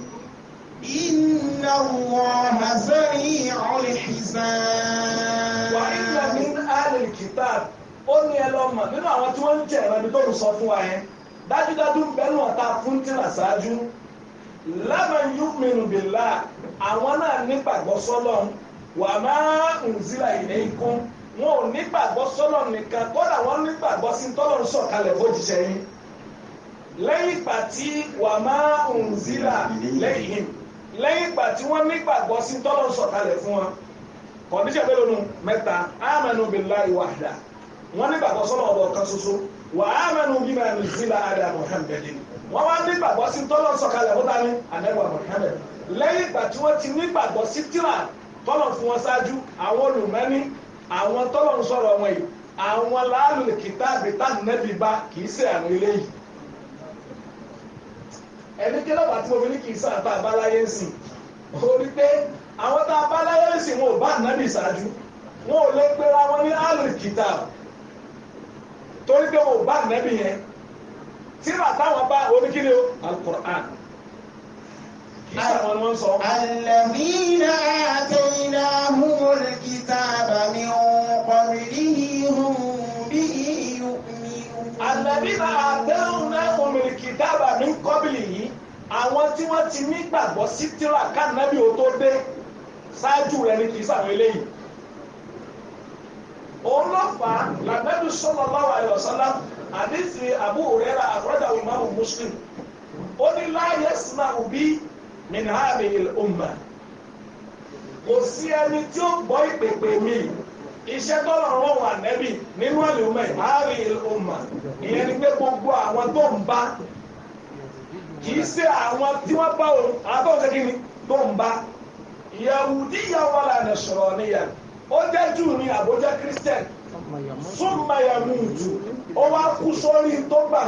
إن الله سريع الإنسان وإن من أهل الكتاب ó ní ẹ lọ mọ̀ nínú àwọn tí wọ́n ń jẹ̀rọ ibi tó ń sọ fún wa yẹn dájúdájú ń bẹ́nu ọ̀tá fún tìǹà ṣáájú lẹ́mọ̀ yu'minu billah àwọn náà nígbàgbọ́ sọ́lọ̀ wà má unzila ilaykum wọn ò nígbàgbọ́ sọ́lọ̀ nìkan kódà wọ́n nígbàgbọ́ sí tọ́lọ̀ ń sọ̀kalẹ̀ fójíṣẹ́ yín lẹ́yìn ìgbà tí wà má unzila ilayhim lẹ́yìn ìgbà tí wọ́n nígbàgbọ́ sí tọ́lọ̀ ń sọ̀kalẹ̀ fún wọn kọ̀ndíṣẹ̀ mélòó nu mẹ́ta amanu billahi wahda wọ́n ní gbàgbọ́ sọ́nà ọ̀dọ̀ kan ṣoṣo wà amanu bima nuzila ala muhammadin wọ́n wá ní gbàgbọ́ sí tọ́lọ̀ sọ̀kalẹ̀ fún tani anẹ́gbà muhammed lẹ́yìn ìgbà tí wọ́n ti ní gbàgbọ́ sí tíra tọ́lọ̀ fún wọn ṣáájú àwọn olùmẹ́ni àwọn tọ́lọ̀ ń sọ̀rọ̀ wọn yìí àwọn láàlù kìtàbí àwọn tá a bá láyé ìsìn wọn ò bá nàbì ṣáájú wọn ò lè pera wọn ní alùkìtà torí pé wọn ò bá nàbì yẹn tíra táwọn bá oníkíni o alukur'an kì í sàwọn ni wọn sọ. alladhina ataynahumul kitaba min qablihi hum bihi yu'minun. alladhina ataynahumul kitaba min qablihi àwọn tí wọ́n ti nígbàgbọ́ sí tíra kánábì ó tó dé ṣáájú rẹ̀ ni kì í sàwọn eléyìí òun ló fà á làgbẹ́bí sallallahu alaihi wasallam àdìsí Abu Huraira àkọ́jà ìmáàmù Muslim ó ní la yasma'u bi min hadhihi al-ummah kò sí ẹni tí ó gbọ́ ìpèpè mi iṣẹ́ tọ́lọ̀ rọrùn ànẹ́bì nínú àlùmọ̀ ìbáàrí ìlúmọ̀ ìyẹn ni pé gbogbo àwọn tó ń bá kì í àwọn tí wọ́n bá òun àbọ̀ òun tó ń bá yahudiya wala nasraniya ó jẹ́ júù ní àbójá christian súnmọ́ yàmú jù ó wá kú sórí tó gbà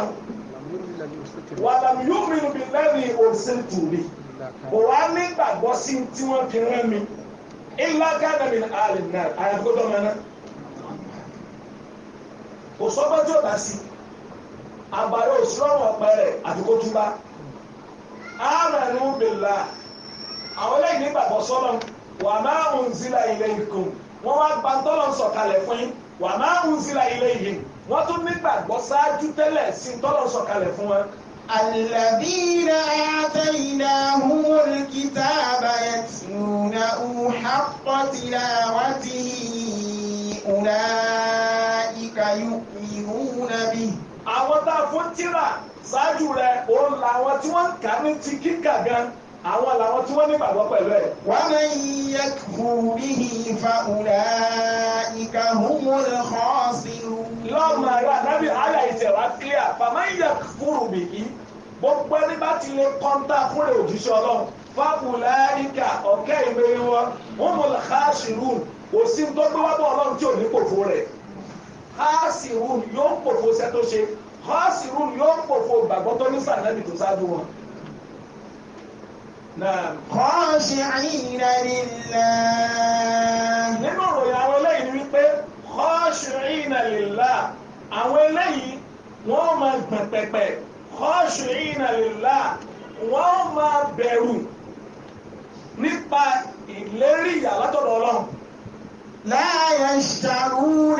wàlámù yóò mìíràn bí lẹ́rìí òsèntù rí kò wá nígbàgbọ́ sí tí wọ́n fi rán mi ilá gánà mi àlè náà àyàgbọ́dọ̀ mọ́ná kò sọ́gbọ́n tí ó bá sí àgbàdo òṣùwọ̀n ọ̀pẹ rẹ̀ àti kó túbá ààrẹ ni ó bèèrè láà àwọn lẹ́yìn nígbàgbọ́ sọ́lọ́ wà máa ń zila ilé ikùn wọ́n wá gba tọ́lọ̀ ń sọ̀kalẹ̀ fún yín wà máa ń zila ilé yìí wọ́n tún nígbàgbọ́ sáájú tẹ́lẹ̀ sí tọ́lọ̀ ń sọ̀kalẹ̀ fún wọn. الذين آتيناهم الكتاب يتلونه حق تلاوته أولئك يؤمنون به àwọn tá fún tíra ṣáájú rẹ̀ òun làwọn tí wọ́n ń kà ní ti kíkà gan-an àwọn làwọn tí wọ́n ní ìgbàgbọ́ pẹ̀lú ẹ̀. wọ́n máa ń yẹ kúrú bíi ìfàkùnà ìka humul khasirun. lọ́ọ̀mù àrà nábì àyà ìṣẹ̀wá clear bàmá ń yẹ kúrú bíi gbogbo ẹni bá ti lè kọ́ńtà fúnra òjíṣẹ́ ọlọ́run fàkùnà ìka ọ̀kẹ́ ìwé wọn humul khasirun kò sí tó gbé wá bọ́ ọlọ́run tí ò ní pòfo rẹ̀ khasirun yóò pòfo sẹ́tó ṣe khasirun yóò pòfo gbàgbọ́ tó نعم خاشعين لله nínú ìròyìn àwọn eléyìí ni wípé خاشعين لله àwọn eléyìí wọ́n máa gbọ̀n pẹ̀pẹ̀ خاشعين لله wọ́n máa bẹ̀rù nípa ìlérí ìyà látọ̀dọ̀ ọlọ́run. لا يشترون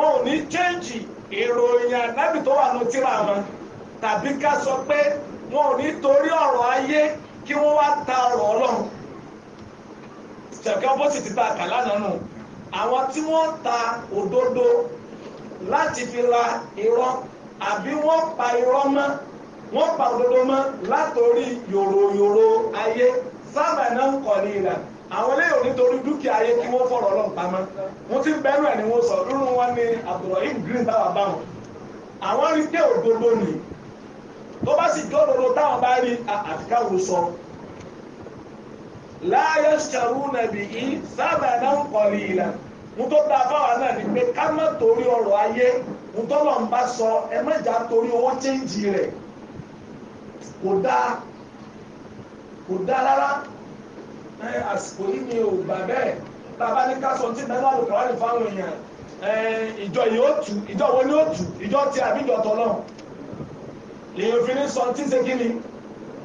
wọn ò ní chẹ́ǹjì ìròyìn ànábì tó wà ní tíra wọn tàbí ká sọ pé wọn ò ní torí ọ̀rọ̀ ayé kí wọ́n wá ta ọ̀rọ̀ ọlọ́run ṣẹ̀kẹ́ bó sì ti ta àkàlà náà nù àwọn tí wọ́n ta òdodo láti fi la irọ́ àbí wọ́n pa irọ́ mọ́ wọ́n pa òdodo mọ́ látòrí yòròyòrò ayé sábà náà ń kọ̀ ní ìlànà. àwọn eléyìí nítorí dúkìá ayé kí wọ́n fọ̀rọ̀ ọlọ́run pamọ́ wọ́n ti bẹ́nu ẹ̀ ni wọ́n sọ irú wọn ni Abdulrahim Green bá wà báwọn àwọn rí pé òdodo ni tó bá sì jọ́ òdodo táwọn bá rí àfikáwò sọ láyé ṣàrú nàbì yìí sábà náà ń kọ̀lì ìlà ń tó ta fáwọn náà ni pé ká má torí ọrọ̀ ayé bá sọ ẹ má jà torí owó chéǹjì rẹ̀ kò dáa kò dáa rárá. àsìkò yìí ni ò gbà bẹ́ẹ̀ bàbá ní ká sọ tí bẹ́ẹ̀ lálù kàwá ní fáwọn èèyàn ìjọ yìí ó tù ìjọ wo ni ó tù ìjọ ti àbí ìjọ tọ̀ náà èèyàn fi ní sọ tí ń ṣe kí ni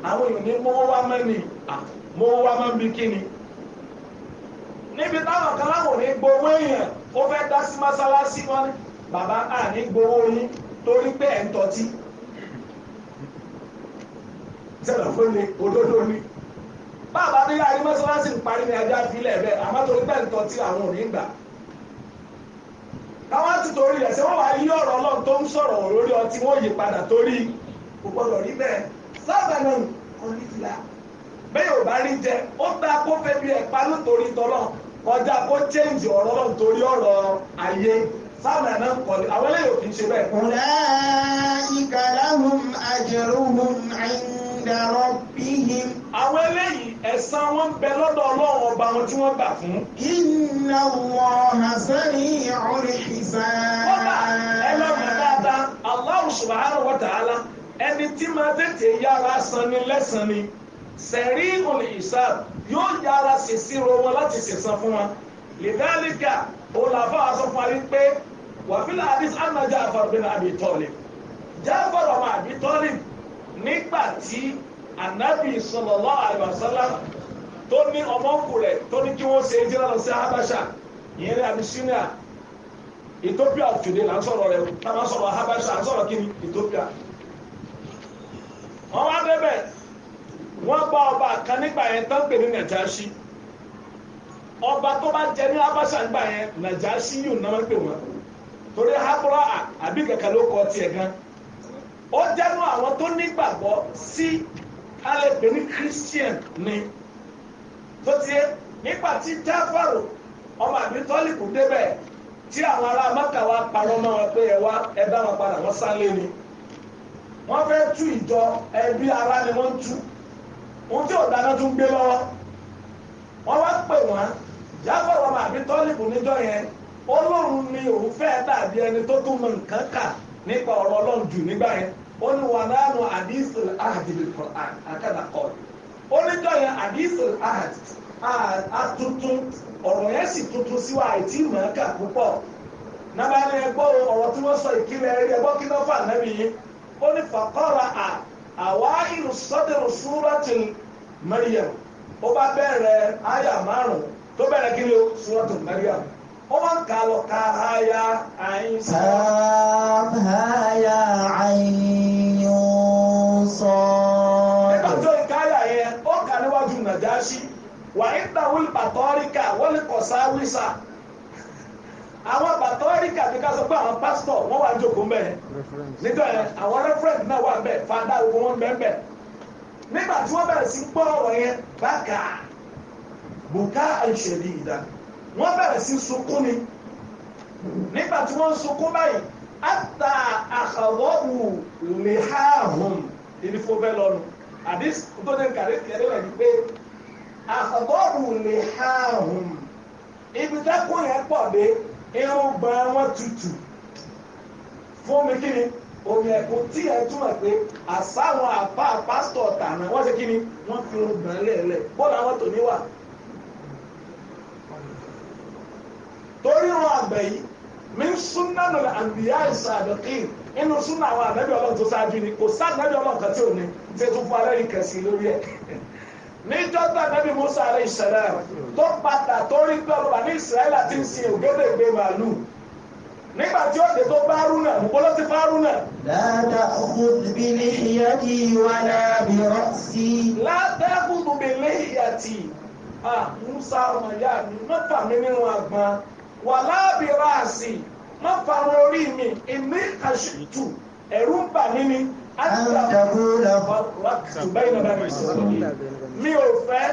àwọn èèyàn ní mówó wá mẹ́ni mówó wá mẹ́ni bí kí ni níbi táwọn kan láwọn ò ní gbowó èèyàn ó fẹ́ dá sí mọ́sálásí wọn ni bàbá à ní gbowó yín torí pé ẹ̀ ń tọ́tí sẹ́dọ̀ fún mi òdodo ni bàbá ní ayé mọ́sálásí ń parí ní ajá fílẹ̀ bẹ́ẹ̀ àmọ́ torí bẹ́ẹ̀ ń tọ́tí àwọn òní gbà káwọn ti torí rẹ̀ ṣé wọ́n wá yí ọ̀rọ̀ ọlọ́run tó ń sọ̀rọ̀ lórí ọtí wọ́n yí padà torí kò gbọ́dọ̀ rí bẹ́ẹ̀ sábà náà kọ́ ní ìlà bẹ́ẹ̀ ò bá rí jẹ ó gba kó fẹ́ bí ẹ̀pá nítorí tọ́lọ̀ kọjá kó chẹ́ǹjì ọ̀rọ̀ ọlọ́run torí ọ̀rọ̀ ayé sábà náà kọ́ ní àwọn eléyìí ò kì í ṣe bẹ́ẹ̀. ọ̀rẹ́ ìkàlà hùm àjẹrù hùm àìní ìdàrọ̀ bí i. àwọn eléyìí ẹ̀san wọn bẹ lọ́dọ̀ ọlọ́run ọba wọn tí wọ́n gbà fún. iná wọ hasani ọ̀rẹ́ ìsàn. kódà ẹ lọ́rùn dáadáa Allah subhanahu wa ta'ala ẹni tí máa tètè yára san ni lẹ́san ni sẹ̀rí ìkùnlé ìsàn yóò yára ṣèṣirò wọn láti ṣèṣan fún wọn. lidhalika olàfà aṣọ fún wa wípé wàfíìlà àdìs ànàjà àfàrùbẹ́nà àbí tọ́lẹ̀ jáfọ̀rọ̀ àmà àbí tọ́lẹ̀ nígbà tí ànábì sallallahu alaihi wasallam tó ní ọmọkùnrin rẹ̀ tó ní kí wọ́n ṣe é jẹ́rán lọ sí habasha ìyẹn ní Abyssinia Ethiopia today là ń sọ̀rọ̀ rẹ̀ tá a máa habasha à ń sọ̀rọ̀ kí ni Ethiopia. wọ́n wá débẹ̀ wọ́n bá ọba kan nígbà yẹn tán pè ní Nàjáṣí ọba tó bá jẹ ní habasha nígbà yẹn Nàjáṣí yìí ò náà pè wọ́n torí habura àbí kàkà ló kọ tiẹ̀ gan ó jẹ́nu àwọn tó nígbàgbọ́ sí alẹ́pẹ̀ ní christian ni tó ti yé nígbà tí jáfàrò ọmọ àbí tọ́lìkù débẹ̀ tí àwọn ará maka wa parọ́ mọ́ wọn pé ẹ wá ẹ wọn padà wọ́n ni wọ́n fẹ́ tú ìjọ ẹbí ara ni wọ́n tú tí tún gbé lọ́wọ́ wọ́n wá ọmọ àbí tọ́lìkù yẹn ni òun ẹni tó tún mọ nǹkan kà nípa ọ̀rọ̀ ọlọ́run jù yẹn ó ní wà nánú àdísìl ahad bil Qur'an àkàdà kọ́ọ̀lù ó ní dọ́yà àdísìl ahad àtúntún ọ̀rọ̀ yẹn sì tuntun síwá àìtí mọ̀ọ́kà púpọ̀ nàbà ni ẹgbọ́ ọ̀rọ̀ tí wọ́n sọ ìkílẹ̀ rí ẹgbọ́ kí ló fà nẹ́bi yìí ó ní fàkọ́ra à àwa ìlú sọ́dẹ̀rù súrọ́tì Maryam Maryam. Orang kalau kahaya ain haya ain sod. Ẹgbẹ́jọ́ ìkáyà yẹn, ó kà níwájú Nàjáṣí, wà ń gbà wíl bàtọ́ríkà, wọ́n lè kọ̀ sáwísà. Àwọn bàtọ́ríkà ní ká sọ pé àwọn pásítọ̀ wọ́n wà jókòó mbẹ́. Nígbà yẹn, àwọn rẹ́fúrẹ́ǹt náà wà mbẹ́, fàdá ogun wọn mbẹ́ mbẹ́. Nígbà tí wọ́n bẹ̀rẹ̀ sí gbọ́ ọ̀rọ̀ yẹn, bákà, bùká àìṣèlú ìdáná wọ́n bẹ̀rẹ̀ sí sunkún ni nígbà tí wọ́n ń sunkún báyìí àtà àkàwọ́wù lè há hùn ìdí fún bẹ́ẹ̀ lọ́nu àdí tó ní kàrí kẹrí rẹ̀ ni pé àkàwọ́wù lè há hùn ibi dákùn yẹn pọ̀ dé irun gbọ́n wọn tutù fún mi kí ni omi ẹ̀kọ́ tí ẹ túmọ̀ pé àsáwọn àbá pásítọ̀ tàná wọ́n ṣe kí ni wọ́n fi irun gbọ́n lẹ́ẹ̀lẹ́ bọ́ọ̀lù àwọn tòní wà torí wọn àgbẹ̀ yìí mi súnà nàlẹ́ àǹbíyá ìsàdọ̀kì inú súnà àwọn ànábì ọlọ́run tó ṣáájú ni kò sá ànábì ọlọ́run kan tí ò ní ṣe tún fún alẹ́rìí kan sí lórí ẹ̀ níjọ́ tó ànábì Musa alayhi salam tó padà torí pé ọlọ́ba ní Israẹli ti ń sin ògédègbè màálù nígbà tí ó dé tó bá rúnà mọ́lọ́ ti bá rúnà. láta ọkùnrin bí léyàtì wà láàbì rọ́ọ̀sì. láta ọkùnrin bí léyàtì. Ah, Musa ọmọ ìyá mi mẹ́fà mi nínú àgbọn wà láàbìrà àsì má farun orí mi ìní àṣìtù ẹ̀rú ń bà mí ni mi ò fẹ́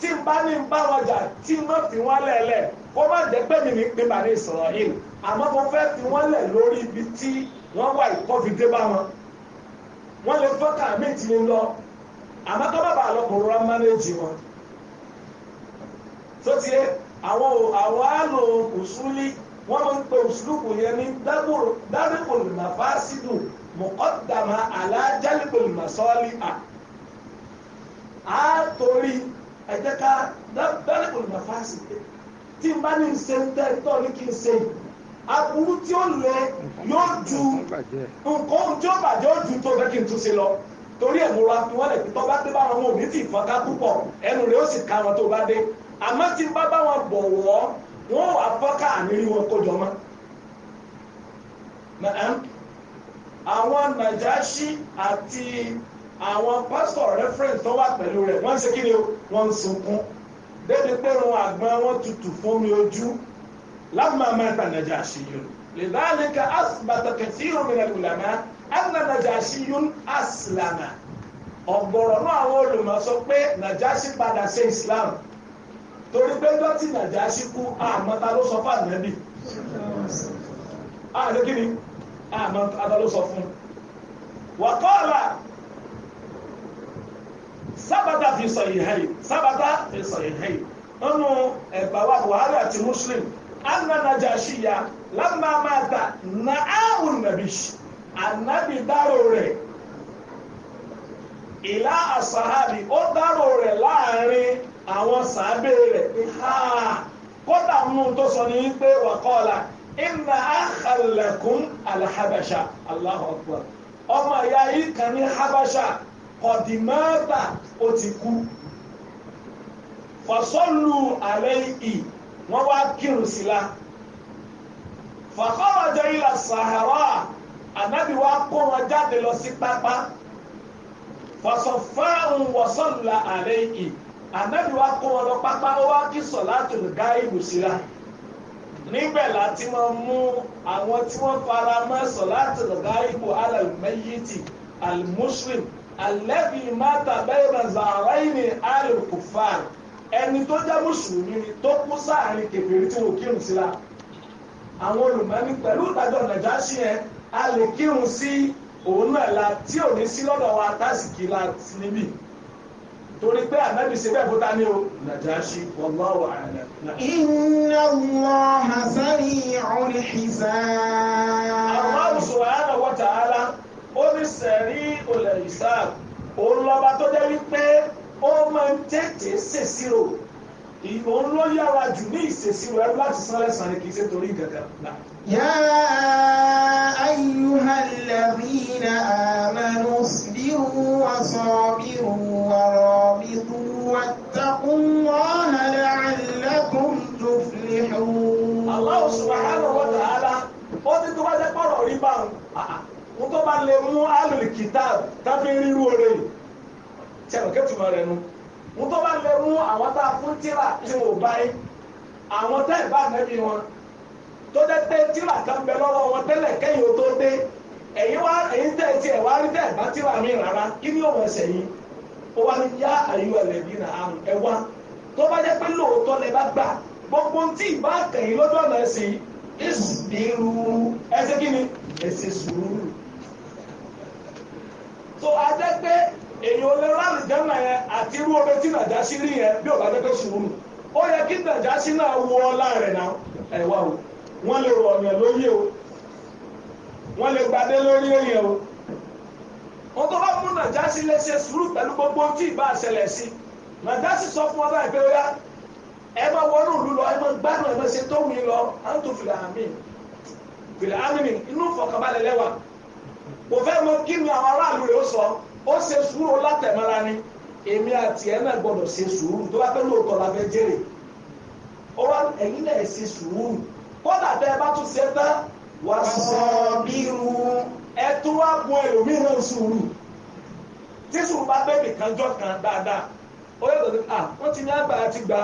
tí n bá ní n bá wọn jà tí n má fi wọn lẹ̀lẹ̀ kó má jẹ́ pé mi ní pé bá ní ìsọ̀rọ̀ yìí àmọ́ mo fẹ́ fi wọn lẹ̀ lórí ibi tí wọ́n wà ìkọ́fìdé bá wọn wọ́n lè fọ́kà méjì ní lọ àmọ́ kọ́ bàbá àlọ́kùnrin rán mánéjì wọn tó ti yé àwọn àwọn àlò òṣùlì wọ́n máa ń pe òṣùlùkù yẹn ní dáríkùn màfásídù mọ̀kọ́dàmà alájálìkùn màsọ́ọ́lì à. á torí ẹ̀jẹ̀ ká dáríkùn màfásídù tí n bá ní n ṣe ń tẹ́ tọ́ ní kí n ṣe yìí aburú tí ó lẹ yóò ju nǹkan tí ó bàjẹ́ ó ju tó fẹ́ kí n tún ṣe lọ torí ẹ̀mọ́ra ni wọ́n lè fi tọ́ bá dé bá wọn wọn ò ní tì fọ́nká púpọ̀ ẹnu rẹ̀ ó sì ká wọn tó bá dé àmọ́ tí bá bá wọn bọ̀ wọ́ wọn ò wá fọ́nká àníyí wọn kó jọ mọ́. àwọn nàjàṣí àti àwọn pásítọ̀ reference tó wà pẹ̀lú rẹ̀ wọ́n ń ṣe kí ni wọ́n ń sunkún débi pé wọn àgbọn wọn tutù fún mi ojú lámàmá ìtànàjà àṣeyọ lè dáa ní ká asbata kathiru min al-ulama ẹnna nàjàṣí yún àsìlámà ọ̀gọ̀rọ̀ náà àwọn olùmọ̀ sọ pé nàjàṣí padà ṣe islam torí pé dọ́tí nàjàṣí kú àmọ́ta ló sọ fún ànábì àti kí ni àmọ́ta ló sọ fún wàkọ́ọ̀là sábàtà fi sọ ìhẹ́yì sábàtà fi sọ ìhẹ́yì nínú ẹ̀gbà wa buhari àti muslim anna nàjàṣí ya lámàmáta na'áhùn nàbíṣì ànábì dárò rẹ̀ ìlà àsàhábì ó dárò rẹ̀ láàrin àwọn sàábé rẹ̀ pé ha kódà mú tó sọ ní pé wàkọ́ọ̀la inna akhalakum alhabasha Allahu akbar ọmọ ìyá yìí kan ní habasha kọ̀dìmọ́tà ó ti kú fọ̀sọ́lù alẹ́ yìí wọ́n wá kírun sí la fàkọ́rọ̀ jẹ́ ìlà sàhárà ànábì wa kó wọn jáde lọ sí pápá fọsọfáàrùn wọsọlùlà àlẹ yìí ànábì wa kó wọn lọ pápá ó wá kí sọláàtù ga ìbùsíra níbẹ̀ láti máa mú àwọn tí wọ́n fara mọ́ sọláàtù ga ìbò alàmẹ́yìtì almuslim alẹ́bí mata bẹ́ẹ̀rẹ̀ zàrá ìní alùkùfàr ẹni tó jẹ́ mùsùlùmí ni tó kú sáàrin kèfèrí tí wọ́n kírun síra àwọn olùmọ̀ẹ́ni pẹ̀lú ìdájọ́ nàìjíríà sí yẹn a lè kírun sí òun náà la tí ò ní sí lọ́dọ̀ wa tásìkì la níbí torí pé ànábì ṣe bẹ́ẹ̀ fúta ní o Najashi wallahu a'lam. inna Allaha sari'ul hisab. Allahu subhanahu wa ta'ala ó ní sari'ul hisab òun lọ́ba tó jẹ́ wípé ó máa ń tètè ṣèṣirò òun yára jù ní ìṣèṣirò ẹrú láti sanlẹ̀ sàn kì í ṣe torí gàgà náà. يا أيها الذين آمنوا اصبروا وصابروا ورابطوا واتقوا الله لعلكم تفلحون الله سبحانه وتعالى ó ti tó bá jẹ́ pọ̀rọ̀ rí bá ń tó bá lè mú alùkìtà tábí ríru oore tí a rẹ̀ nu ń tó bá lè mú àwọn tá a fún tíra tí wọ́n bá yín àwọn tá ìbá nẹ́bí wọn tó jẹ́ pé tíra kan bẹ lọ́wọ́ wọn tẹ́lẹ̀ kẹ́yìn ó tó dé ẹ̀yin wá ẹ̀yin tẹ̀ tiẹ̀ wá rí tẹ̀ bá tíra mi rárá kí ni òun ẹsẹ̀ yìí ó wá ní yá àyù ẹ̀lẹ́bí nà áhùn ẹ wá tó bá jẹ́ pé lóòótọ́ lẹ bá gbà gbogbo tí ì bá kẹ̀yìn lójú ọ̀nà ẹ̀sìn yìí ìsìnbíru ẹsẹ kí ni ẹsẹ sùúrù tó a jẹ pé èyí ò lè rárá jẹ́nà yẹn àti irú omi tí nàjà sí rí yẹn bí ò bá jẹ́ pé sùúrù ó yẹ kí nàjà sí náà wọ ọlá rẹ̀ náà ẹ̀ wá o wọ́n lè rọ̀ ọ̀nà lóyè o wọ́n lè gbadé lórí òye o wọ́n tó bá múnà jásí léṣe sùúrù pẹ̀lú gbogbo tí ì bá ṣẹlẹ̀ sí màdásí sọ fún ọba ìpè ọ̀yá ẹ máa wọnú ìlú lọ ẹ máa gbádùn ẹ máa ṣe tó wù yín lọ à ń tó fìlà àmì fìlà àmì inú ìfọ̀kànbalẹ̀ lẹ́wà kò fẹ́ mọ kí ni àwọn aráàlú rẹ̀ ó sọ ó ṣe sùúrù látẹ̀mọ́ra ni èmi àti ẹ náà gbọ́dọ̀ ṣe sùúrù tó bá fẹ́ lóòótọ́ la fẹ́ jèrè ọ̀rọ̀ ẹ̀yin náà ṣe sùúrù kódà tẹ́ ẹ bá tún ṣe tán wà sọ bírú ẹ tún wá gun ẹlòmíràn sùúrù tí sùúrù bá bẹ́ẹ̀ nìkan jọ kan dáadáa ó yẹ kó ní à wọ́n ti ní agbára ti gba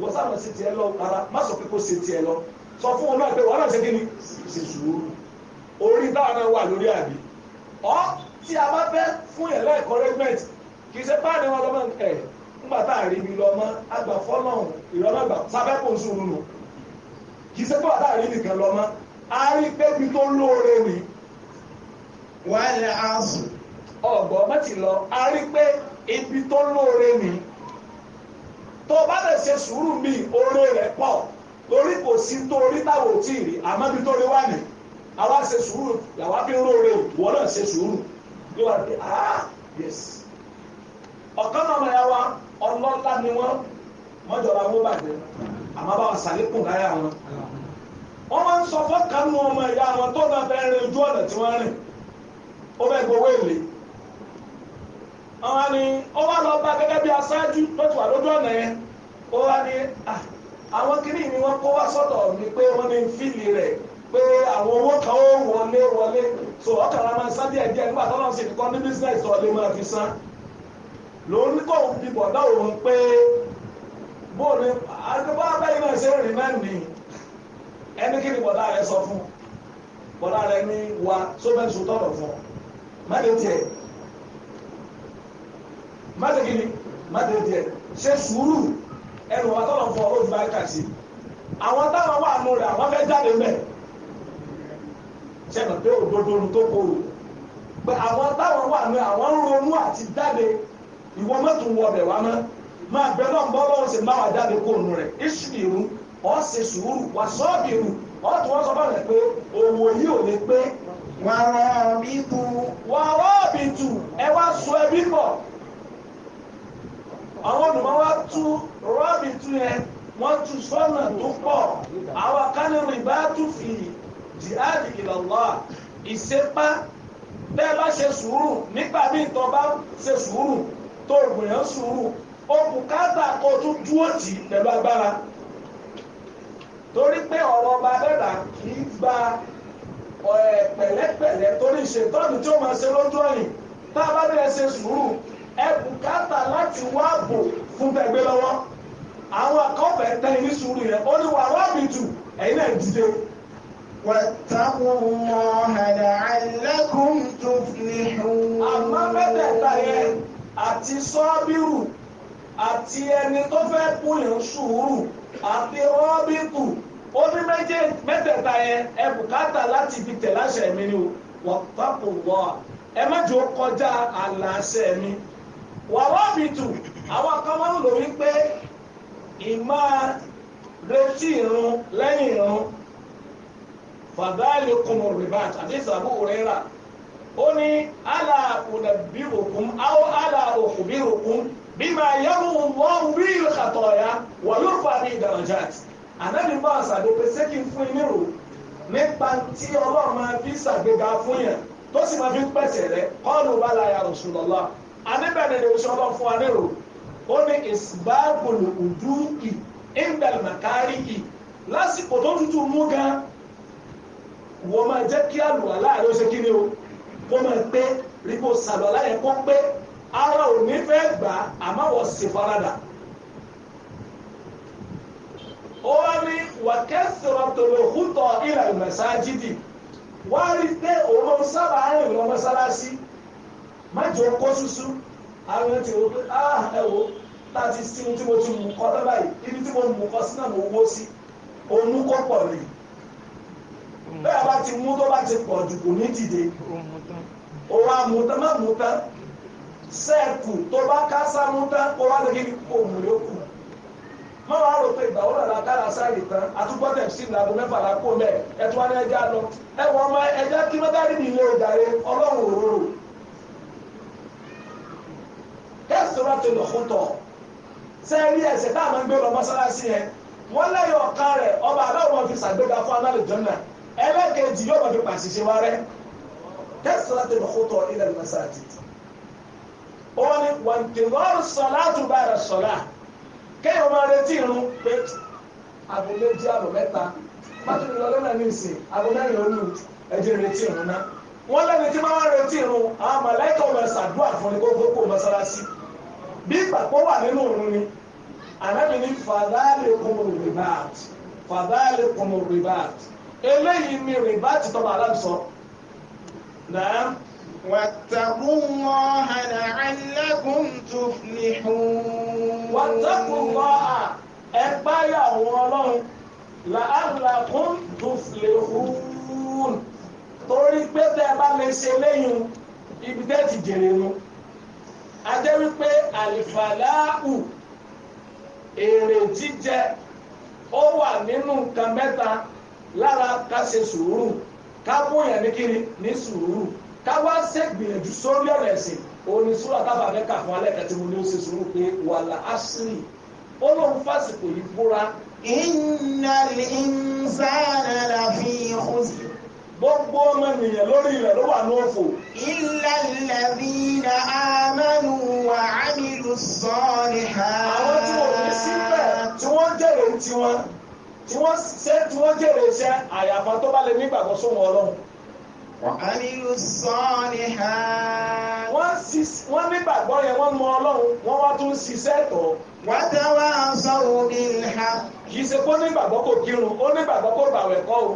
wọ́n sábà ṣe tiẹ̀ lọ rárá má sọ pé kó ṣe tiẹ̀ lọ sọ fún olú àgbẹ̀ wàhálà ṣe kí ni ṣe sùúrù orí báwọn náà wà lórí àbí ọ́ tí a bá fẹ́ fún yẹn lẹ́ẹ̀kọ́ rẹ́gbẹ̀tì kì í ṣe báyìí ni lọ́mọ ẹ̀ ńgbà tá a rí mi lọ́mọ àgbà fọ́lọ́hún ìrọ́lọ́gbà sábẹ́ kò ń sùn nù kì í ṣe pé àtàrí nìkan lọ mọ́ a rí pébi tó lóore ni wàhálà áàsù ọ̀gbọ́n mọ́tì lọ a rí pé ibi tó lóore ni tó bá lè ṣe sùúrù mi oore rẹ̀ pọ̀ torí kò sí torí táwọn ò tí ì rí àmọ́ ibi tó rí wà ní àwa ṣe sùúrù làwa fi ń lóore wọ́n náà ṣe sùúrù yóò wá pé ah yes ọ̀kan náà mọ̀ ya wa ọlọ́lá ni wọ́n mọ́jọba wọ́n bàjẹ́ àmọ́ bá wa láyà wọn. wọ́n máa ń sọ fọ́kànnù ọmọ ìyá àwọn tó náà fẹ́ rìn ojú ọ tí wọ́n rìn ó fẹ́ gbowó èlé àwọn ni ó lọ bá gẹ́gẹ́ bí tó wà lójú ọ̀nà yẹn ó wá àwọn ni wọn kó wá sọ́dọ̀ pé ní fíìlì pé àwọn owó kan ó wọlé wọlé so ọkàrà máa sá díẹ̀ díẹ̀ nígbà tọ́lá sì kọ́ ní bísíǹsì ọ̀lẹ́ máa fi sán lòun ní kò ẹni kí ni bọ̀dá rẹ sọ fún bọ̀dá rẹ ní wa sóbẹ́sù tọ̀rọ̀ fún má lè tiẹ̀ má lè kí ni má lè tiẹ̀ ṣe sùúrù ẹnu wa tọ̀rọ̀ fún ọ̀rọ̀ ìgbà kà sí àwọn táwọn wà nù rẹ àwọn fẹ́ jáde mẹ́ ṣẹ̀nà pé òdodo tó kó o pé àwọn táwọn wà nù àwọn ń ronú àti jáde ìwọ mọ́tò wọ ọbẹ̀ wa mọ́ máa bẹ náà bọ́ lọ́wọ́ sí máa wà jáde kó o nù rẹ̀ ìṣù ìrún ọ ṣe sùúrù wà sọ́ọ̀bìrù ọ tún wọ́n sọ bá rẹ̀ pé òwò yìí ò ní pé. wàrà mi tu. wàrà mi tu ẹ wá so ẹbí pọ̀ àwọn olùmọ̀ wá tú rọ́ọ̀bì tú yẹn wọ́n tú sọ́nà tó pọ̀ àwọn akánirò ìbá tún fi jihadi ilallah ìsepá bẹ́ẹ̀ bá ṣe sùúrù nígbà míì tó bá ṣe sùúrù tó gbìyànjú sùúrù okùn káàtà kó tún dúró tì pẹ̀lú agbára. torí pé ọ̀rọ̀ ọba dẹ́dà kì í gba pẹ̀lẹ́pẹ̀lẹ́ torí ìṣètọ́ni tí ó máa ṣe lójú ọ̀yìn tá a bá bẹ̀rẹ̀ ṣe sùúrù ẹ bùkátà láti wá ààbò fún tẹ̀gbẹ́ lọ́wọ́ àwọn akọ́fẹ́ tẹ ní sùúrù yẹn ó ní wàhálà mi tù ẹ̀yin náà dìde. واتقوا الله لعلكم تفلحون. àmọ́ mẹ́tẹ̀ẹ̀ta yẹn àti sọ́ọ́bírù àti ẹni tó fẹ́ kú lè sùúrù. àti rọ́bìtù ó ní méje mẹ́tẹ̀ẹ̀ta yẹn ẹ bùkátà láti fi tẹ̀ láṣẹ mi ni o wọ́pọ̀pọ̀ wọ́ ẹ má jò kọjá àlàṣẹ mi wà rọ́bìtù àwọn kan wọ́n lò wípé ìmọ̀ retí irun lẹ́yìn irun fàdáàlì kùmù rìbáàt àti ìsàbù rẹ́rà ó ní àlà òdàbíròkùn áwọ̀ àlà òkùbíròkùn bímọ ayẹ́rù wọ́n rí ìlọ́kàtọ̀ ọ̀yá wọ́n yóò fà ní ìdàrọ̀jà ànábì bá àṣàdé pé ṣé kí n fún yín rò nípa tí ọlọ́run máa fi ṣàgbéga fún yàn tó sì máa fi pẹ̀sẹ̀ rẹ kọ́ọ̀lù bá la ya Rasulullah anábẹ́ni lè sọ ọlọ́run fún wa nírò ó ní ìsìbáàgbòlù ojú kì ìgbàlùmọ̀kárì kì lásìkò tó tútù mú gan wọ́n máa jẹ́ kí àlùwà láàrin ó ṣe kí ni o kó máa pé rí kó sàlọ́ láyẹ̀ kó pé ara ò ní fẹ́ gbà àmọ́ wọ́n sì farada ó wá ní wàkẹ́sọ̀rọ̀ tòlò hútọ̀ ìlà ìmọ̀sájídì wá rí pé òun sábà ń rìn kó susu àwọn ti wò pé ah ẹ láti tí mo ti mú kọ́ ibi tí mo mú kọ́ sí náà mo wó sí kọ́ pọ̀ rè bẹ́ẹ̀ bá ti mú tó sẹ́ẹ̀kù tó bá ká sámú tán kó wá lórí òmù yòókù mọ́ wá rò pé ìgbà wọ́n lọ́la kára sáyè tán àtúgbọ́ tẹ̀ sí ìlànà mẹ́fà lápò mẹ́ ẹ̀tú wọn ẹja lọ ẹ̀wọ̀n ọmọ ẹja kí mọ́tàrí nìyẹn òdàrẹ ọlọ́run òróró kẹ́sìtọ́rọ́ tó lọ fún tọ̀ sẹ́ẹ̀rí ẹ̀sẹ̀ tá a máa ń gbé lọ mọ́sálásí yẹn wọ́n lẹ́yìn ọ̀ká rẹ̀ ọba aláwọ̀ fi ṣàgbéga fún anáàlú jọ́nà ẹlẹ́kẹ̀ẹ́jì yóò máa fi pàṣẹ ṣe wá rẹ́ kẹ́sìtọ́rọ́ tó lọ fún tọ̀ ilẹ̀ mọ́sálásí ó ní wàǹtẹ̀wọ́rù sọlá tó bára sọlá kéèyàn máa retí irun pé àbò méjì àbò mẹ́ta mátòlù lọ́lọ́ náà ní ìsìn àbò mẹ́rin olú ẹ̀jẹ̀ retí irun náà wọ́n lẹ́ni tí máa ń retí irun àwọn màláìkà ọ̀rọ̀ ṣàdúrà fún ni kó gbogbo mọ́sálásí bí ìgbàgbọ́ wà nínú òun ni ànábì ní fàdáàlì kùmù rìbáàt fàdáàlì kùmù rìbáàt eléyìí ni rìbáàt tọ́ba aláàbùsọ náà. واتقوا الله لعلكم تفلحون واتقوا الله ẹgbáyà Ọlọ́run la'allakum tuflihun torí pé tẹ́ ẹ bá lè ṣe lẹ́yìn ibi tẹ́ ti jèrè nu ajẹ́ wípé àlìfàlàhù èrè jíjẹ ó wà nínú nǹkan mẹ́ta lára ká ṣe sùúrù ká bóyá ní kiri ní sùúrù káwá ṣègbìyànjú sórí ọ̀rọ̀ ẹ̀sìn òní súrà tábà mẹ́ka fún alẹ́ kẹtì mo ní ó ṣe sùúrù pé wàlà àṣírí ó lóun fásitì yìí búra. innal insana lafi khusr. gbogbo ọmọ ènìyàn lórí rẹ̀ ló wà lófò. illal ladhina amanu wa amilu ssalihat. àwọn tí wọ́n fi síbẹ̀ tí wọ́n jèrè tiwọn tí wọ́n jèrè iṣẹ́ àyàfọ́ tó bá lè nígbàgbọ́ sóhun ọlọ́run. وعملوا الصالحات wọ́n nígbàgbọ́ yẹn wọ́n mọ ọlọ́run wọ́n wá tún ṣiṣẹ́ tọ̀. wàtàwà sọ̀rọ̀ bil haqq. kì í ṣe pé ó nígbàgbọ́ kò kírun ó nígbàgbọ́ kò bàwẹ̀ kọ́ o.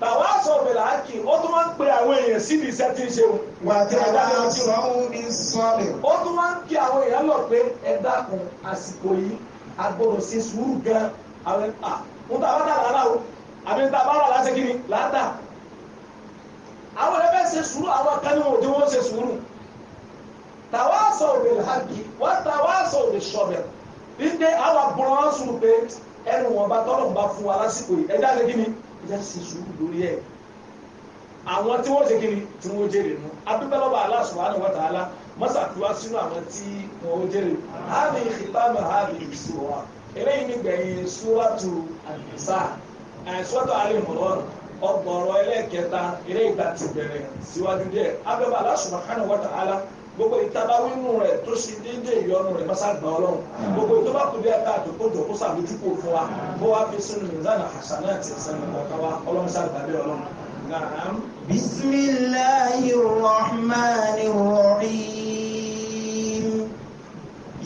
tàwa sọ̀rọ̀ bil haqq ó tún wọ́n ń pe àwọn èèyàn síbi iṣẹ́ tí ń ṣe o. wàtàwà sọ̀rọ̀ bil sabr. ó tún wọ́n ń pe àwọn èèyàn lọ pé ẹ dákun àsìkò yìí agbọ́dọ̀ ṣe sùúrù gan-an àwọn ẹ̀ àwọn ẹ̀rẹ́ bẹ́ẹ̀ ṣe sùúrù àwọn kan ní òde wọn ṣe sùúrù tàwáṣọ òde hàkì wọ́n tàwáṣọ òde ṣọ̀bẹ̀ wípé àwọn àbúrò wọn sùn pé ẹnu wọn bá tọ́lọ̀ ń bá fún wa lásìkò yìí ẹjá ṣe kíni ẹjá ṣe sùúrù lórí ẹ̀ àwọn tí wọ́n ṣe kíni tí wọ́n jèrè nù abíbẹ́lọ́ba Allah subhanahu wa ta'ala mọ́sàkúwá sínú àwọn tí wọ́n jèrè hàmì ìfipámù ọgbọ̀rọ̀ ẹlẹ́ẹ̀kẹta eré ìgbà ti bẹ̀rẹ̀ síwájú díẹ̀ abẹ́bà Allah subhanahu wa ta'ala gbogbo ìtabawínú rẹ̀ tó ṣe déédéé ìyọnu rẹ̀ mọ́sá gbà ọlọ́run gbogbo ìtọ́ba kò bí ẹ̀ka àtòkòjò kó sàlójúkò fún wa bó wá fi sínú ìlànà àṣàlẹ̀ àti ìsẹ̀nù ọ̀ká wa ọlọ́run sàgbàdé ọlọ́run. Bismillahir Rahmanir Rahim.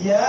Ya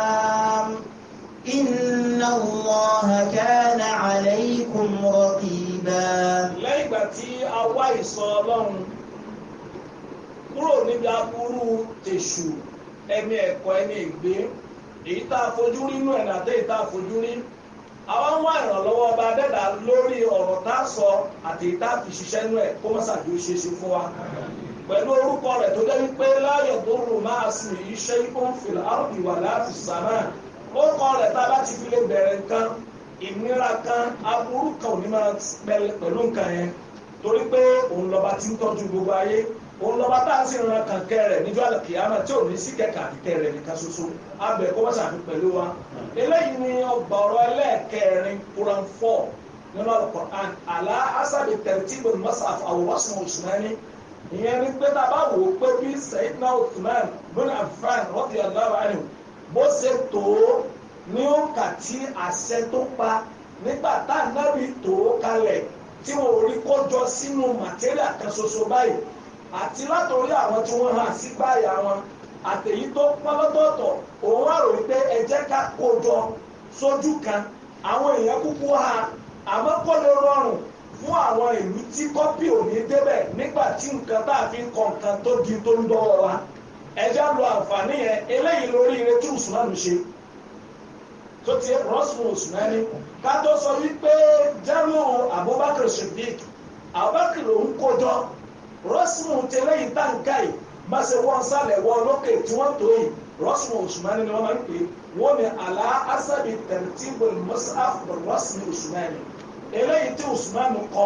ìdá. lẹ́yìn ìgbà tí a wá ìsọ ọlọ́run kúrò níbi aburú tèṣù ẹni ẹ̀kọ́ ẹni ìgbé èyí tá a fojú rí inú ẹ̀nà àti èyí tá a fojú rí àwọn wá ìrànlọ́wọ́ ọba adẹ́dà lórí ọ̀rọ̀ tá a sọ àti èyí tá a fi ṣiṣẹ́ inú ẹ̀ kó má ṣàjò ṣe ṣe fún wa pẹ̀lú orúkọ rẹ̀ tó jẹ́ wípé láyọ̀ tó rò máa sin iṣẹ́ ikú ń fìlà áwùjọ wà láti sàmà ó rẹ̀ tá a bá ti fi lè bẹ̀rẹ̀ nǹkan ìnira kan aburú kan ò ní máa pẹ̀lú nǹkan yẹn torí pé òun lọ́ba tí ń tọ́jú gbogbo ayé òun lọ́ba tá a sì ń ran kànkẹ́ rẹ̀ níjọ́ àlùkìyàmà tí ò ní sí kẹ̀kẹ́ àbíkẹ́ rẹ̀ nìkan ṣoṣo abẹ kó wọ́n ṣàfi pẹ̀lú wa eléyìí ni ọgbà ọ̀rọ̀ ẹlẹ́ẹ̀kẹrin Quran four nínú Al-Qur'an àlá asábì tẹ̀rìtìbù mọ́sáf àwòwọ́sùn Usmani ìyẹn ni pé tá a bá wò ó pé bí Sayyidina Uthman bin Affan radiyallahu anhu bó ṣe ní ó kà tí àṣẹ tó pa nígbà tá à nábì tó kalẹ̀ tí wọn ò rí kọjọ sínú màtẹ́ríà kan ṣoṣo báyìí àti látòrí àwọn tí wọ́n hàn sí báyà wọn àtẹ̀yí tó pọ́n lọ́tọ̀ọ̀tọ̀ òun á rò wípé ẹ jẹ́ ká kójọ sójú kan àwọn èèyàn kúkú ha àmọ́ kò lè rọrùn fún àwọn ìlú tí kọ́pì ò ní débẹ̀ nígbà tí nǹkan tá a fi ń kọ nǹkan tó di tó ń dọ́wọ́ wa ẹ já lo àǹfààní yẹn eléyìí lórí ire tí Usman tó ti rọ́sùmùsù mẹ́ni ká tó sọ wípé jẹ́mú Abubakar Siddiq Abubakar ló ń kójọ rọ́sùmù tẹ́lẹ̀ yìí táǹkà yìí má ṣe sálẹ̀ wọ́n lókè tí wọ́n tó yìí rọ́sùmùsù mẹ́ni ni wọ́n máa ń pè wọ́n ní àlá asábì tẹ̀rẹ̀tìbù mọ́sáf rọ́sùmùsù mẹ́ni eléyìí tí Usman kọ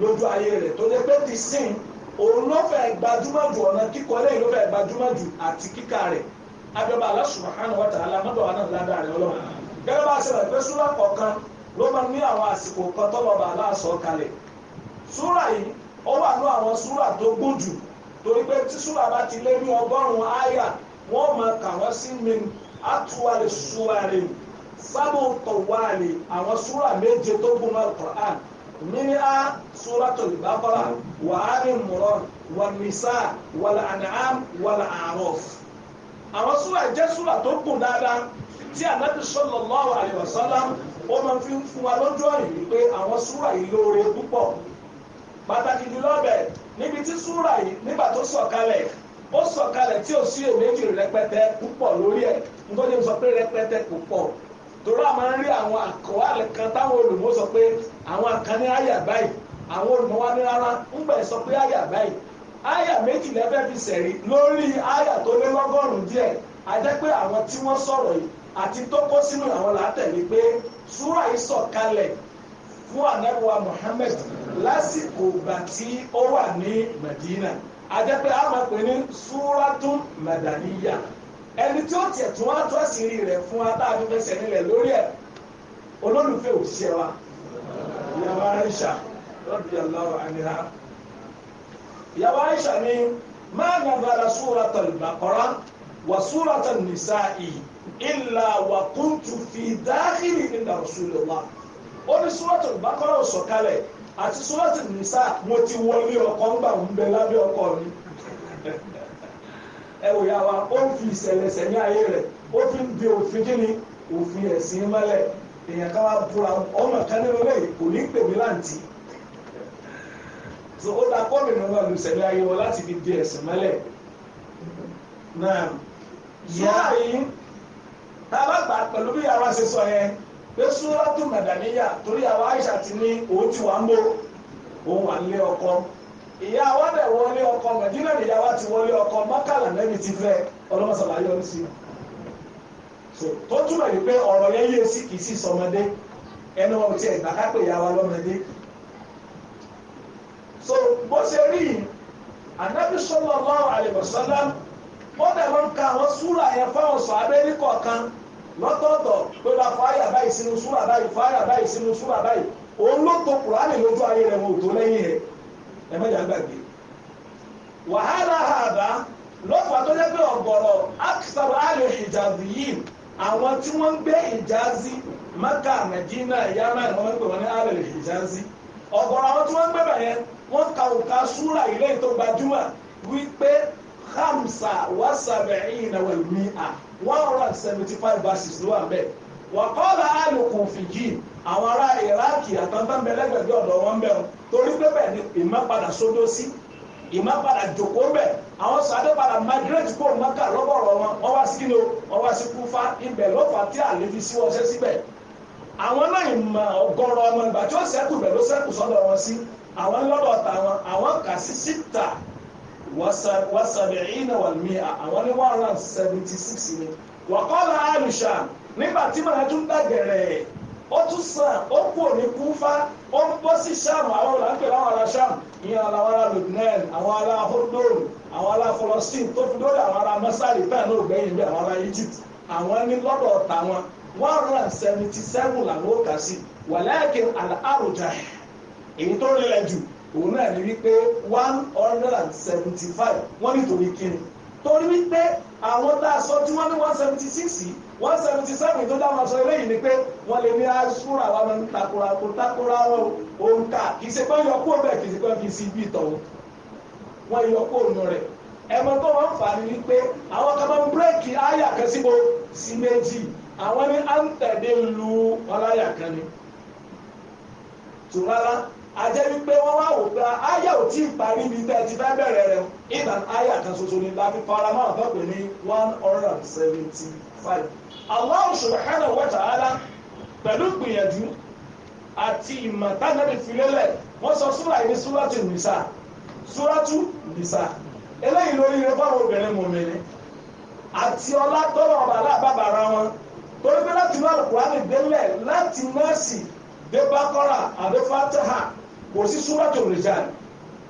lójú ayé rẹ̀ tó dé pé ti sìn òun ló fẹ́ gbajúmọ̀ jù ọ̀nà kíkọ lẹ́yìn ló fẹ́ gbajúmọ̀ jù àti kíkà rẹ̀ abẹ́bà Allah subhanahu wa ta'ala mọ́tò wa náà ládàá rẹ̀ ọlọ́run gẹ́gẹ́ bá a ṣe rẹ̀ pé súrà kọ̀ọ̀kan ló máa ní àwọn àsìkò kan tó lọ́ba aláàsọ kalẹ̀ súrà yìí ó wà ní àwọn súrà tó gùn jù torí pé tí súrà bá ti lé ní ọgọ́rùn-ún àyà wọ́n máa kà wọ́n sí mi àtúwálé súwárẹ̀ sábò tọ̀wálé àwọn súrà méje tó gùn náà Qur'an منها سورة البقرة وآل عمران والنساء والأنعام والأعراف àwọn súrà jẹ́ súrà tó gùn dáadáa tí ànábì sallallahu alaihi wasallam ó máa fi ń fún wa lọ́jọ́ yìí pé àwọn súrà yìí lóore púpọ̀ pàtàkì jùlọ bẹ̀ níbi tí súrà yìí nígbà tó sọ̀kalẹ̀ ó sọ̀kalẹ̀ tí ò sí èméjì rẹpẹtẹ púpọ̀ lórí ẹ̀ nítorí mo sọ pé rẹpẹtẹ púpọ̀ torí a máa ń rí àwọn àkọwálẹ̀ kan táwọn olùmọ̀ sọ pé àwọn kan ní àyà báyìí àwọn olùmọ̀ wa ní rárá ń gbà sọ pé àyà báyìí àyà méjì lẹ́fẹ̀ẹ́ fi sẹ̀rí lórí àyà tó lé lọ́gọ́rùn-ún díẹ̀ a pé àwọn tí wọ́n sọ̀rọ̀ yìí àti tó kó sínú àwọn látẹ̀lé pé súrà yìí sọ̀kalẹ̀ fún ànábùwà Muhammad lásìkò ìgbà tí ó wà ní Madina àjẹpẹ́ a máa pè ní súratun madaniya ẹni tí ó tiẹ̀ tún wá tó àṣírí rẹ̀ fún atáàdúfẹsẹ̀ nílẹ̀ lórí ẹ̀ olólùfẹ́ òṣìṣẹ́ wa ìyàwó Aisha radiyallahu anha ìyàwó Aisha ni máa nàbàrà súratul Baqara wà súratul Nisa'i. illa wa kuntu fi dáhìrì nínú rasulillah ó ní sọ́wọ́tò bákọ́lá òsọ̀kalẹ̀ àti sọ́wọ́tò nìsá mo ti wọlé ọkọ ńgbà ń bẹ lábẹ́ ọkọ mi ẹ wò yá wa ó ń fi ìṣẹ̀lẹ̀ sẹ̀mí ayé rẹ̀ ó fi ń de òfin o òfin ẹ̀sìn mọ́lẹ̀ èèyàn ká wá buru ọmọ kan nínú lẹ́yìn kò ní pèmí láǹtì so ó dá kọ́ọ̀lù nínú ìṣẹ̀lẹ̀ ayé wọn láti fi de ẹ̀sìn mọ́lẹ̀ náà tá a bá gbà pẹ̀lú bí àwa ṣe sọ yẹn pé súrọ́tù màdàníyà torí àwa Aisha ti ní òun ti wà ń bò òun wà nílé ọkọ ìyá wa dẹ̀ wọlé ọkọ Mẹdínà ìyá wa ti wọlé ọkọ mọ́kànlá lẹ́ni ti fẹ́ ọlọ́mọsàlá yọ ní sí i tó túmọ̀ yìí pé ọ̀rọ̀ yẹn yé sí kìí sí sọmọdé ẹnu wọn ti ẹ̀gbà kápẹ́ ìyá wa lọ́mọdé so bó ṣe rí Ànábì sallallahu alaihi wasallam o dẹ̀ nke ń ka àwọn súrà yẹn fáwọn sọ abẹ́rí kọ̀ọ̀kan lọ́tọ̀ọ̀tọ̀ pé bá fáyà báyìí sínú súrà báyìí fáyà báyìí sínú súrà báyìí òun ló to kùránì lójú ayé rẹ̀ tó lẹ́yìn rẹ̀ ẹ gbàgbé wàhálà àbá lọ́fà tó jẹ́ pé ọ̀gọ̀rọ̀ akisar alẹ́ àwọn tí wọ́n ń gbé maka medina yamma ẹ̀ wọ́n hamsa wasabi'in wal mi'a one hundred and seventy five verses ló wà bẹ́ẹ̀ wàkọ́lá àlùkù fìjì àwọn ará iraki àtàntàbẹ̀lẹ́gbẹ̀gbẹ̀ ọ̀dọ̀ wọn bẹ̀rù torí pé bẹ́ẹ̀ ni ìmọ̀padà sódó sí ìmọ̀padà jòkó bẹ̀ àwọn sàdépadà migrate kó mọ́kà lọ́bọ̀rọ̀ wọn wọ́n wá sí kíló wọ́n wá sí kúfá ibẹ̀ lọ́fà tí àlefi sí wọ́n ṣe síbẹ̀ àwọn náà ìmọ̀ ọgọ́rọ̀ ọmọ ìgbà tí ó ṣẹ́kù bẹ̀ ló ṣẹ́kù sọ́dọ̀ wọn sí àwọn lọ́dọ̀ tàwọn àwọn kà sí síta wasabi'ina wal mi'a àwọn ní one ni wàkọ́lá alùsàm nígbà tí màá tún na ó tún sàn ó kufa o kúfà ó ń bọ́ sí sàm àwọn olùdánkè láwọn ará sàm ìyẹn àwọn ala lubnan awon ala hordon àwọn ará fọlọsìn tó fi lórí àwọn ará mọ́sálì bẹ́ẹ̀ náà gbẹ̀yìn bí àwọn ará egypt òun náà ní wípé one hundred and seventy five wọ́n nítorí kíni torí wípé àwọn tá a sọ tí wọ́n ní one seventy six one seventy seven tó dá wọn sọ eléyìí ni pé wọ́n lè ní asúra wa máa ń takora kó takora wọn òǹkà kì í ṣe pé yọkú bẹ́ẹ̀ kì í ṣe pé kì í ṣe ibi ìtọ̀ wọn yọkú òun rẹ̀ ẹ̀mọ́ tó wọ́n fà ní wípé àwọn kan máa ń bírèkì àyà kan síbo sí méjì àwọn ní à ń tẹ̀lé lu ọláyà kan ni tùrọ̀lá àjẹ́ wípé wọ́n wá wò pé àyà ò tí ì parí ibi tẹ́ ti fẹ́ bẹ̀rẹ̀ rẹ̀ ìgbà àyà kan ṣoṣo ni láti fara mọ́ àwọn pẹ̀lú ní one hundred and seventy five. Allah subhanahu wa ta'ala pẹ̀lú gbìyànjú àti ìmọ̀ tánàbí filélẹ̀ wọ́n sọ súra yìí ní súratu nìsà súratu nìsà eléyìí lórí rẹ fáwọn obìnrin mòmìnir àti ọlá tọ́lọ̀ ọ̀bà aláàbàbàrà wọn torí pé láti inú àlùkò á lè délẹ̀ láti nọ́ọ̀sì dé bákọ́rà àbí fátẹ́hà kò sí súrà tó lè jáde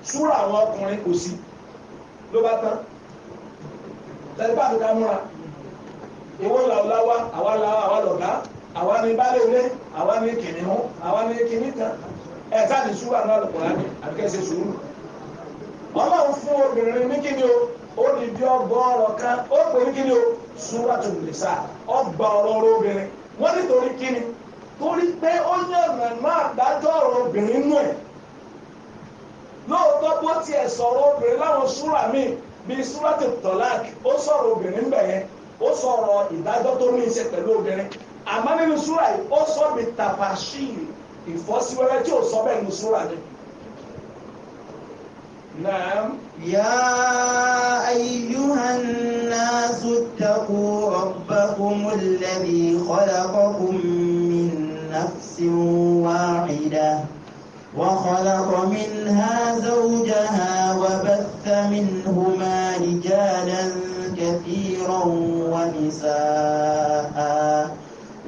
súrà àwọn ọkùnrin kò sí ló bá tán tẹlifà tó ká múra ìwọ làwùláwà àwa làwà àwa lọ̀gá àwa ni baálé ilé àwa ni kìnìún àwa ni kìnìún kan ẹ̀ táàdì súrà náà lọ̀pọ̀ láti àbíkẹ́sẹ̀ sùúrù ọlọ́run fún obìnrin ní kíni o ó ní bí ọgọ́rọ̀ kan ó pè ní kíni o súrátù nìsà ọgbà ọ̀rọ̀ obìnrin wọ́n nítorí kíni torí pé ó yànnà náà dájọ́ ọ̀rọ̀ obìnrin nù ẹ̀ lóòótọ́ bó tiẹ̀ sọ̀rọ̀ obìnrin láwọn súrà míì bíi súrátì tọ́lák ó sọ̀rọ̀ obìnrin bẹ̀ yẹn ó sọ̀rọ̀ ìdájọ́ tó ní í ṣe pẹ̀lú obìnrin àmọ́ nínú súrà yìí ó sọ bí tàbáṣì ìfọ́síwẹ́wẹ́ tí ò sọ bẹ́ẹ̀ nínú súrà yìí. نعم يا أيها الناس اتقوا ربكم الذي خلقكم من نفس واحدة وخلق منها زوجها وبث منهما رجالا كثيرا ونساء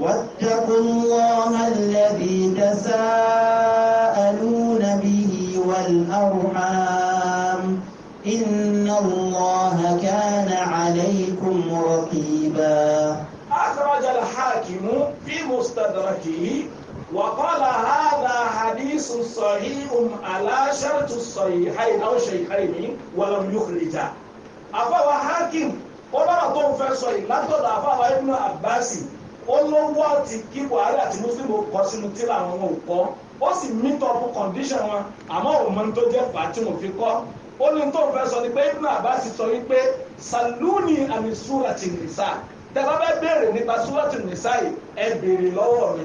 واتقوا الله الذي تساءلون به والأرحام إن الله كان عليكم رقيبا أخرج الحاكم في مستدركه وقال هذا حديث صحيح على شرط الصحيحين أو شيخين ولم يخرجا أفوى حاكم ọlọ́rọ̀ tó ń fẹ́ sọ yìí látọ̀dọ̀ àfáwà ibùnà àbáàsì ó ló wọ́ ti kí buhari àti muslim kọ sínú ó sì meet up condition wọn àmọ́ òun mọ́ni tó jẹ́ fà á tí mo fi kọ́ ó ní tó ń fẹ́ sọ ni pé ibùnà àbáàsì sọ yìí pé saluni àmì súrà ti nìsà tẹ́lá bẹ́ẹ̀ béèrè nípa súrà ti nìsà yìí ẹ béèrè lọ́wọ́ mi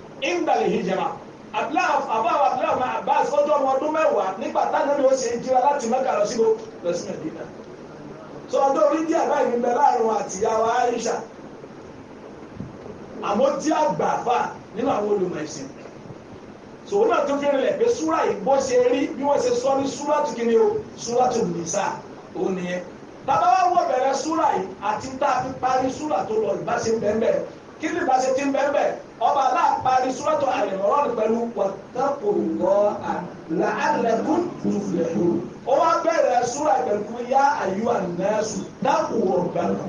ìgbàlè hijama àbáwọ̀ abdullahi ọmọ abbas ọjọ́ ọmọ ọdún mẹ́wàá nígbà táwọn ọmọ ṣe ń jira láti mẹ́ka lọ síbò lọ sí mẹ́dínà tó ọdún orí díẹ̀ báyìí ń bẹ láàrin àtìyàwó aisha àmọ́ tí a gbà fà nínú àwọn olùmọ̀ ẹ̀sìn sòwò náà tó fẹ́rẹ̀ lẹ̀ pé súrà ìbọn ṣe rí bí wọ́n ṣe sọ ní súrà tó kí ni o súrà tó nìsà ó nìyẹn bàbá wa wọ bẹ̀rẹ̀ súrà yìí àti tá a fi parí súrà tó lọ ìbáṣe ń bẹ́ẹ̀ bẹ́ẹ̀ kí ni ìbáṣe bẹ́ẹ̀ ọba aláàparí sọ́tọ̀ àlẹ́mọ̀rán pẹ̀lú wàtàkùnlọ́ làálẹ̀kùn tùfẹ̀lú. ó wá bẹ̀rẹ̀ súra pẹ̀lú yá àyù ànẹ́sù dákùwọ̀ gbẹ̀lú.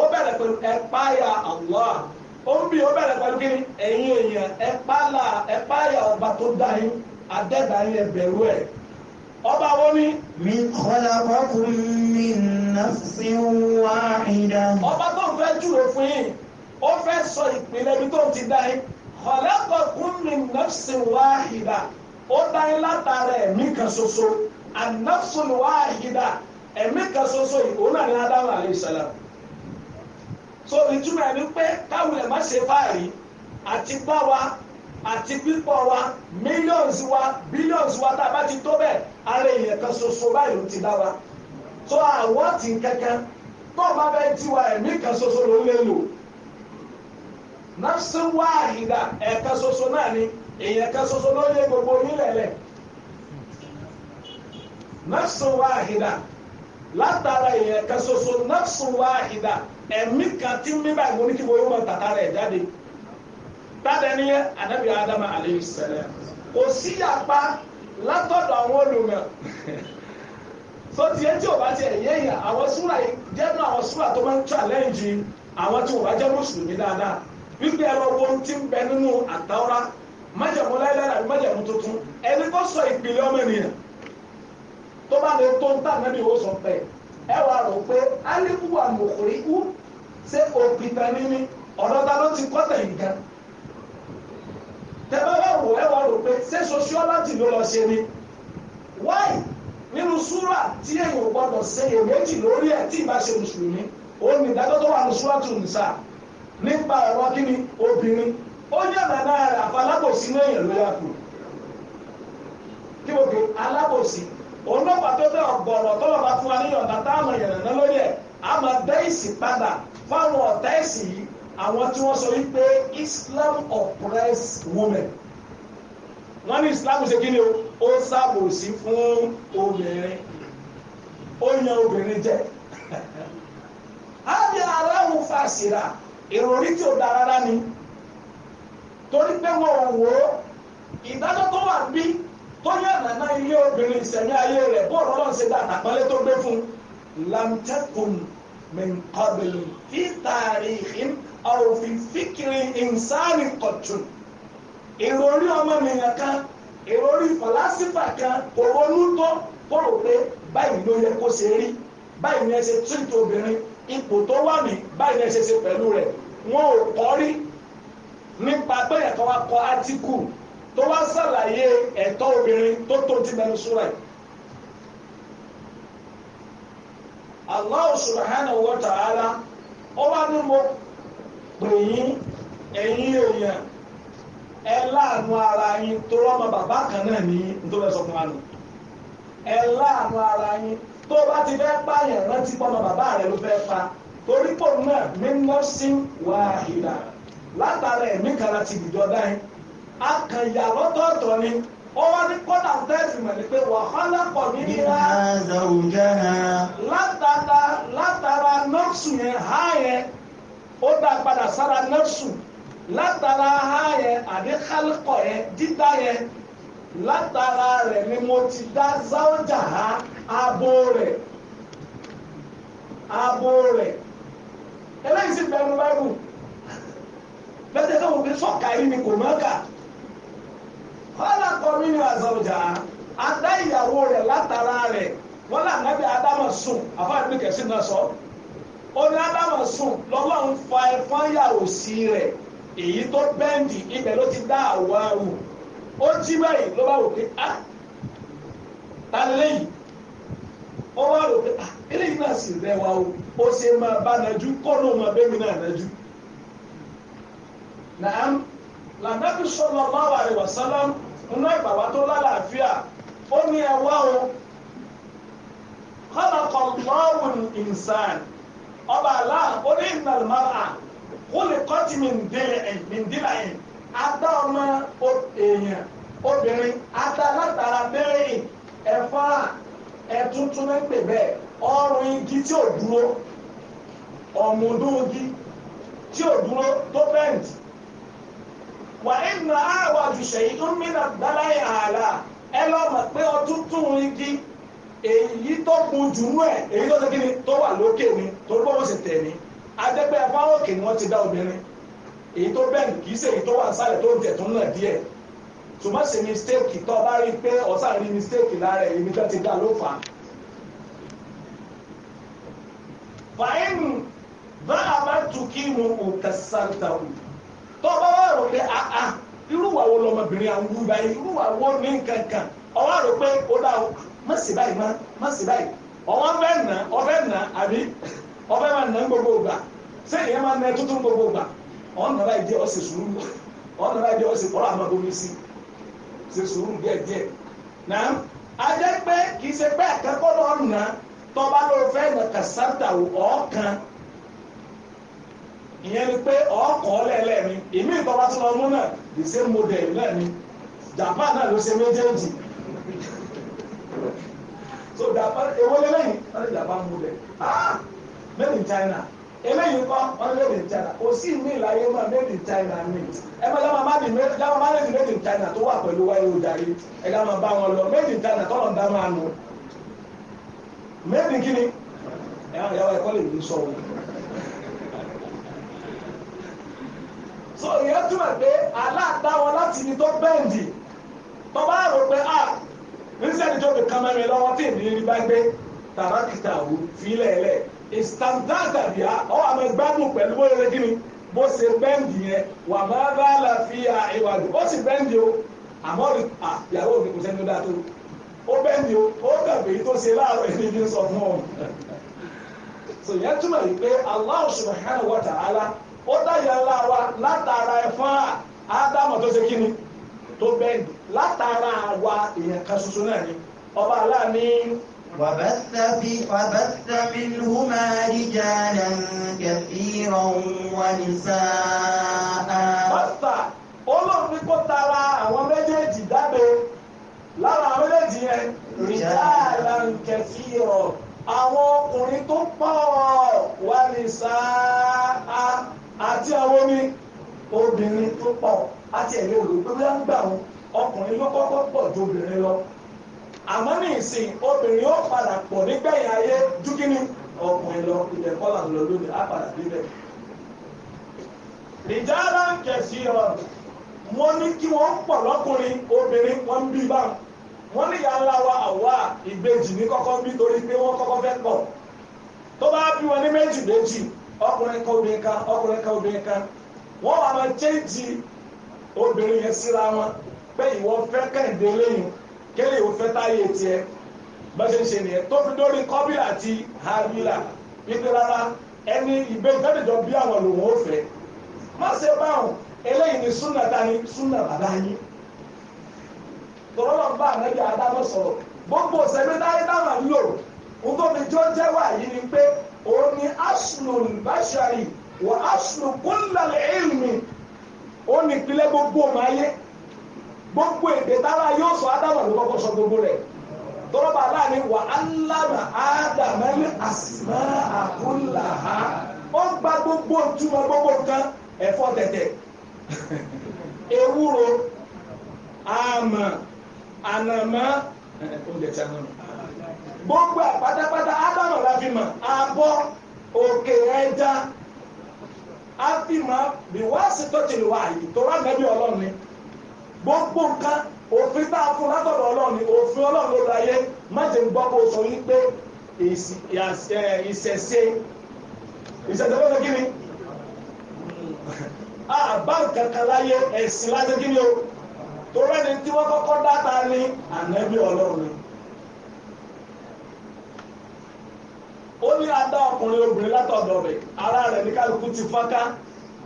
ó bẹ̀rẹ̀ pẹ̀lú ẹ̀páyà Allah. ó ń bí ó bẹ̀rẹ̀ pẹ̀lú kí ẹ̀yin èèyàn ẹ̀pálà ẹ̀páyà ọba tó dá yín adẹ́dá yín ẹ̀bẹ̀rù ẹ̀. ọba wo ni. mi khalaqakum min nafsin wahida. ọba tó fẹ́ jùlọ fún yín ó fẹ́ sọ ìpìlẹ̀ ibi tó ti dá yín khalaqakum min nafsin wáhìdá ó dá yín látara ẹ̀mí kan ṣoṣo an wáhìdá ẹ̀mí kan ṣoṣo yìí náà ní Ádámù alayhi so ìtumọ̀ ẹ̀mí pé káwọn ẹ̀ má ṣe fáàrí àti gbá wa àti pípọ̀ wa millions wa billions wa tá a bá ti tó bẹ́ẹ̀ ara èèyàn kan ṣoṣo báyìí ló ti dá wa so àwọn tì kankan tó o bá fẹ́ tiwa ẹ̀mí kan ṣoṣo ló lè lò. nafsi wáhìdá ẹ̀ka ṣoṣo náà ni èèyàn kan gbogbo onílẹ̀lẹ̀ nafsi wáhìdá látara èèyàn kan ṣoṣo nafsi wáhìdá ẹ̀mí kan tí adama aleyhi salam kò sí apá látọ̀dọ̀ àwọn olùmọ̀ sọtí ẹtí ò bá tiẹ̀ yẹ̀yà àwọn wípé ẹlọ wo ti ń bẹ nínú àtàwọ́rá májẹ̀mú láíláí àbí májẹ̀mú tuntun ẹni tó sọ ìpìlẹ̀ ọmọ ènìyàn tó bá lè tó ń tà nábì ó sọ pé ẹ wàá rò pé alifu wa mòkòrí kú ṣé òpìtàn nínú ọ̀dọ́ta ló ti kọ́tà nǹkan tẹ́lẹ̀ wá rò ẹ wàá rò pé ṣé sociology ló lọ ṣe ni wáyé nínú súrà tí èèyàn gbọdọ̀ ṣe èméjì lórí ẹ̀ tí ì bá ṣe mùsùlùmí ìdájọ́ tó wà ní súrà tó nìsáà. nípa ẹ̀rọ gịnị obìnrin ó jẹ́ kí o bí alábòsí òun náà pàtó bẹ́ẹ̀ ọ̀gbọ̀nà fún wa níyànjú lórí a padà fáwọn ọ̀tá yìí àwọn tí wọ́n sọ Islam women wọ́n ní Islam ṣe kí ni o ó fún obìnrin ó yan obìnrin á bí ìròrí tí ò da rárá ni torí pé wọn ò wò ó ìdájọ́ tó wà bí tó yẹ nàná ilé obìnrin ìsẹ̀mí ayé rẹ̀ bóòrò ọlọ́run ṣe dá àtàpọ́nlé tó gbé fún lamtẹ́kùn mẹ́ńkọ́bìlì fi tàríkìn ọ̀rọ̀fin fíkiri ìnsáàrin kọ̀tún ìròrí ọmọnìyàn kan ìròrí fàlásífà kan kò ronú tó kó rò pé báyìí ló yẹ kó ṣe rí báyìí ni ẹ ṣe tún ìtò obìnrin ipò tó wà ní báyìí náà ṣe ṣe pẹ̀lú rẹ̀ wọn ò kọ́ nípa kọ átíkù tó wá ṣàlàyé ẹ̀tọ́ obìnrin tó tó ti súra yìí. Allah subhanahu wa ta'ala ó wá ní mo pè yín ẹ̀yin èèyàn ẹ láàánú ara yín tó bàbá kan náà ní tó o bá ti fẹ́ pààyàn rántí pọ́nmọ bàbá rẹ ló fẹ́ pa torí pò náà mímọ́ sí wàhídà látara ẹ̀mí kan láti gbùdọ̀ dáhìn akànyà lọ́tọ̀ọ̀tọ̀ ni ó wá ní kọ́nà tẹ́sí mọ̀ ní pé wàhálà pọ̀ nínú ra látara látara nọ́ọ̀sù yẹn há yẹn ó dá padà sára nọ́ọ̀sù látara há yẹn àbí kálíkọ̀ yẹn dídá yẹn látara rẹ̀ ni mo ti dá záwọ́jà á abo rẹ̀ abo rẹ̀ eléyìí sì bẹnu bẹ́rù lẹ́sẹ̀ tó wù mí sọ́kà yìí ni kò mọ́kà kọ́lákọ́ mi ni àzáwọ́jà á adá ìyàwó rẹ̀ látara rẹ̀ wọ́n là nábì adámọ̀ sùn àfáàdúgbò kẹ̀sí náà sọ ó ní adámọ̀ sùn lọ́wọ́ ń fa ẹ̀fọn yàrá òsì rẹ̀ èyí tó bẹ́ǹdì ibẹ̀ ló ti dá àwọ̀ àrùn ó jí báyìí ló bá rò pé a ah, ta lélẹ́yìn ó wá rò pé a ah, eléyìí náà sì rẹwà o ó ṣe máa bá nàjú kọ́nà ọmọ abẹ́mi náà nàjú. nàám lànàbí sallallahu alaihi wasallam nínú ìgbàwá tó lálàáfíà ó ní ẹ wá o khalaqa Allahu al-insan ọba aláà ó ní ìnàlùmọ́ra kó lè kọ́ ti mìndínlẹ̀ ẹ̀ mìndínlẹ̀ ẹ̀ adá ọmọ èèyàn obìnrin adá látara mẹ́rin ẹ̀fọ́ ẹ̀túntún ń pè bẹ́ẹ̀ ọrùn igi tí ò dúró ọ̀mùdún igi tí ò dúró tó bẹ́ǹtì wà nínú àwọn àjùṣe yìí tó ń mìíràn gbáláyé ààlà ẹ lọ mọ̀ pé ọdún tún igi èyí tó kun jù mú ẹ̀ èyí tó ṣe kí ni tó wà lókè ni torí bọ́ọ̀ sì tẹ̀ ni adẹ́gbẹ́ afáròkè ni wọ́n ti dá obìnrin èyí tó bẹ́ẹ̀ kì í ṣe èyí tó wà sálẹ̀ tó ń tẹ̀ tó ń nà díẹ̀ ṣùgbọ́n ṣe mistake tó bá rí i pé ọ̀sán rí mistake lára èyí tó ti dá ló fà á. fàáyínù bá a bá tu kí mu òkàsántàwù tó bá wà rò pé àá ah, ah, irúwà wo lọmọbìnrin àwùjọ báyìí irúwà wo ní kankan ọwọ́ rò pé ó dá o má sì báyìí má má sì báyìí ọwọ́ fẹ́ nà ọfẹ́ nà àbí ọfẹ́ máa nà gbogbo gbà sẹ́yìn ẹ̀ máa nà tuntun gbogbo gbà ọ̀n nàrà ìdí ọ̀sẹ̀ sùúrù ọ̀n nàrà ìdí ọ̀sẹ̀ kọ́ra àmà bomi sí ṣe sùúrù díẹ̀ díẹ̀ nà ajẹ́ pé kì í ṣe pé àkẹ́kọ̀ọ́ lọ́ọ́ nà tọ́ba ló fẹ́ nà kàṣàtà ọ̀ọ́kan ìyẹn ni pé ọ̀ọ́kọ̀ lẹ́lẹ́ni ìmí ìtọ́ba tó lọ mú náà the same model náà ni Japan náà ló ṣe méjèèjì so Japan ewé lẹ́yìn wọ́n ní Japan model ah made in China eléyìí kọ́ wọ́n lé ní China kò sí ìmí ìlàyé máa made in China mi ẹ bá dáwọn máa di dáwọn máa lẹ́sìn made in China tó wà pẹ̀lú wáyé ojàre ẹ dá máa bá wọn lọ made in China tọ́lọ̀ ń dá máa nù made in kíni ẹ hàn yàrá ẹ̀kọ́ lè ní sọ̀rọ̀ so ìyẹn túmọ̀ pé aláàdá wọn láti ibi tó bẹ́ǹdì tó bá rò pé a níṣẹ́ ni tó fi kàn mẹ́rin lọ́wọ́ tí ìdílé bá gbé tàbá kìtà òun fi ilẹ̀ ẹlẹ́ẹ̀ ìsàǹdà àtàbíà ọ àmọ́ gbádùn pẹ̀lú bóyá rẹ kíni bó ṣe bẹ́ǹdì yẹn wà má bá àlàáfíà ìwádìí ó o àmọ́ ìyàwó mi kò sẹ́ni ó dáa tó ó o ó dàbí tó ṣe láàárọ̀ ẹni ní sọ fún ọ. sòyẹ́ túmọ̀ yìí pé wa ta'ala ó dáyà ńlá wa látara tó ṣe kíni wa kan ṣoṣo náà ni ọba وبث, في وبث منهما رجالا كثيرا ونساء بث Ọlọ́run ní kó tara àwọn méjèèjì dábẹ lára àwọn méjèèjì yẹn rìjáàlà kẹfìrọ àwọn ọkùnrin tó pọ̀ wà ní sáà àti àwọn omi obìnrin tó pọ̀ àti ẹ̀yẹ olùgbé bí wọ́n ń gbà wọn ọkùnrin ló kọ́kọ́ pọ̀ ju lọ àmọ́ ní ìsìn obìnrin ó padà pọ̀ nígbẹ̀yìn ayé ịlọ ọkùnrin lọ ilẹ̀ kọ́là lọ lónìí á padà débẹ̀. ìjára ń kẹ̀sí ọ wọ́n ní kí wọ́n pọ̀ lọ́kùnrin obìnrin wọ́n ń bí bá wọ́n ní yàrá wa àwa ìbejì ní kọ́kọ́ bí torí pé wọ́n kọ́kọ́ fẹ́ pọ̀ tó bá bí wọn ní méjì ọkùnrin kan wọn pé ìwọ kéde òfẹ́ táyé tiẹ̀ bá ṣe ń ṣe nìyẹn tó fi dórí kọ́bílà àti habila wípé rárá ẹni ìgbẹ́jọ́dẹ̀jọ́ bí àwọn lòun ó fẹ́ má báwọn eléyìí ni súnà tani súnà bàbá yín tọ́lọ́lọ́ bá ànábì adámọ̀ sọ̀rọ̀ gbogbo sẹ́mi táyé táwọn lò nítorí tí ó jẹ́ wà yìí ni pé òun ni aslul bashari wà aslu kullal ilmi ó ní ìpìlẹ̀ gbogbo ọmọ ayé. gbogbo èdè tára yóò sọ adama ló kọ́kọ́ sọ gbogbo rẹ̀ tọ́lọ́bà láàrin wà á lánà ádámà ní àsìmá àkúlà ha ó gba gbogbo ìtumọ̀ gbogbo nǹkan ẹfọ tẹ̀tẹ̀ ewúro àmà ànàmọ́ oúnjẹ tí a nọ gbogbo la fi òkè ẹja a fi mọ̀ bí wàá sì tọ́jú ìwà yìí tó rà nàbí gbogbo nǹkan òfin tá a fún látọ̀dọ̀ ọlọ́run òfin ọlọ́run ló la yé má jẹ́ ń gbọ́ kó sọ yín pé ìṣẹ̀ṣe ìṣẹ̀ṣe lọ́dọ̀ kí ni àbá nǹkan kan láyé ẹ̀sìn láti kí ni o torí ẹni tí wọ́n kọ́kọ́ dáta ní ànábì ọlọ́run ni. ó ní adá ọkùnrin obìnrin látọ̀dọ̀ rẹ̀ ara rẹ̀ ní kálukú ti fọ́nká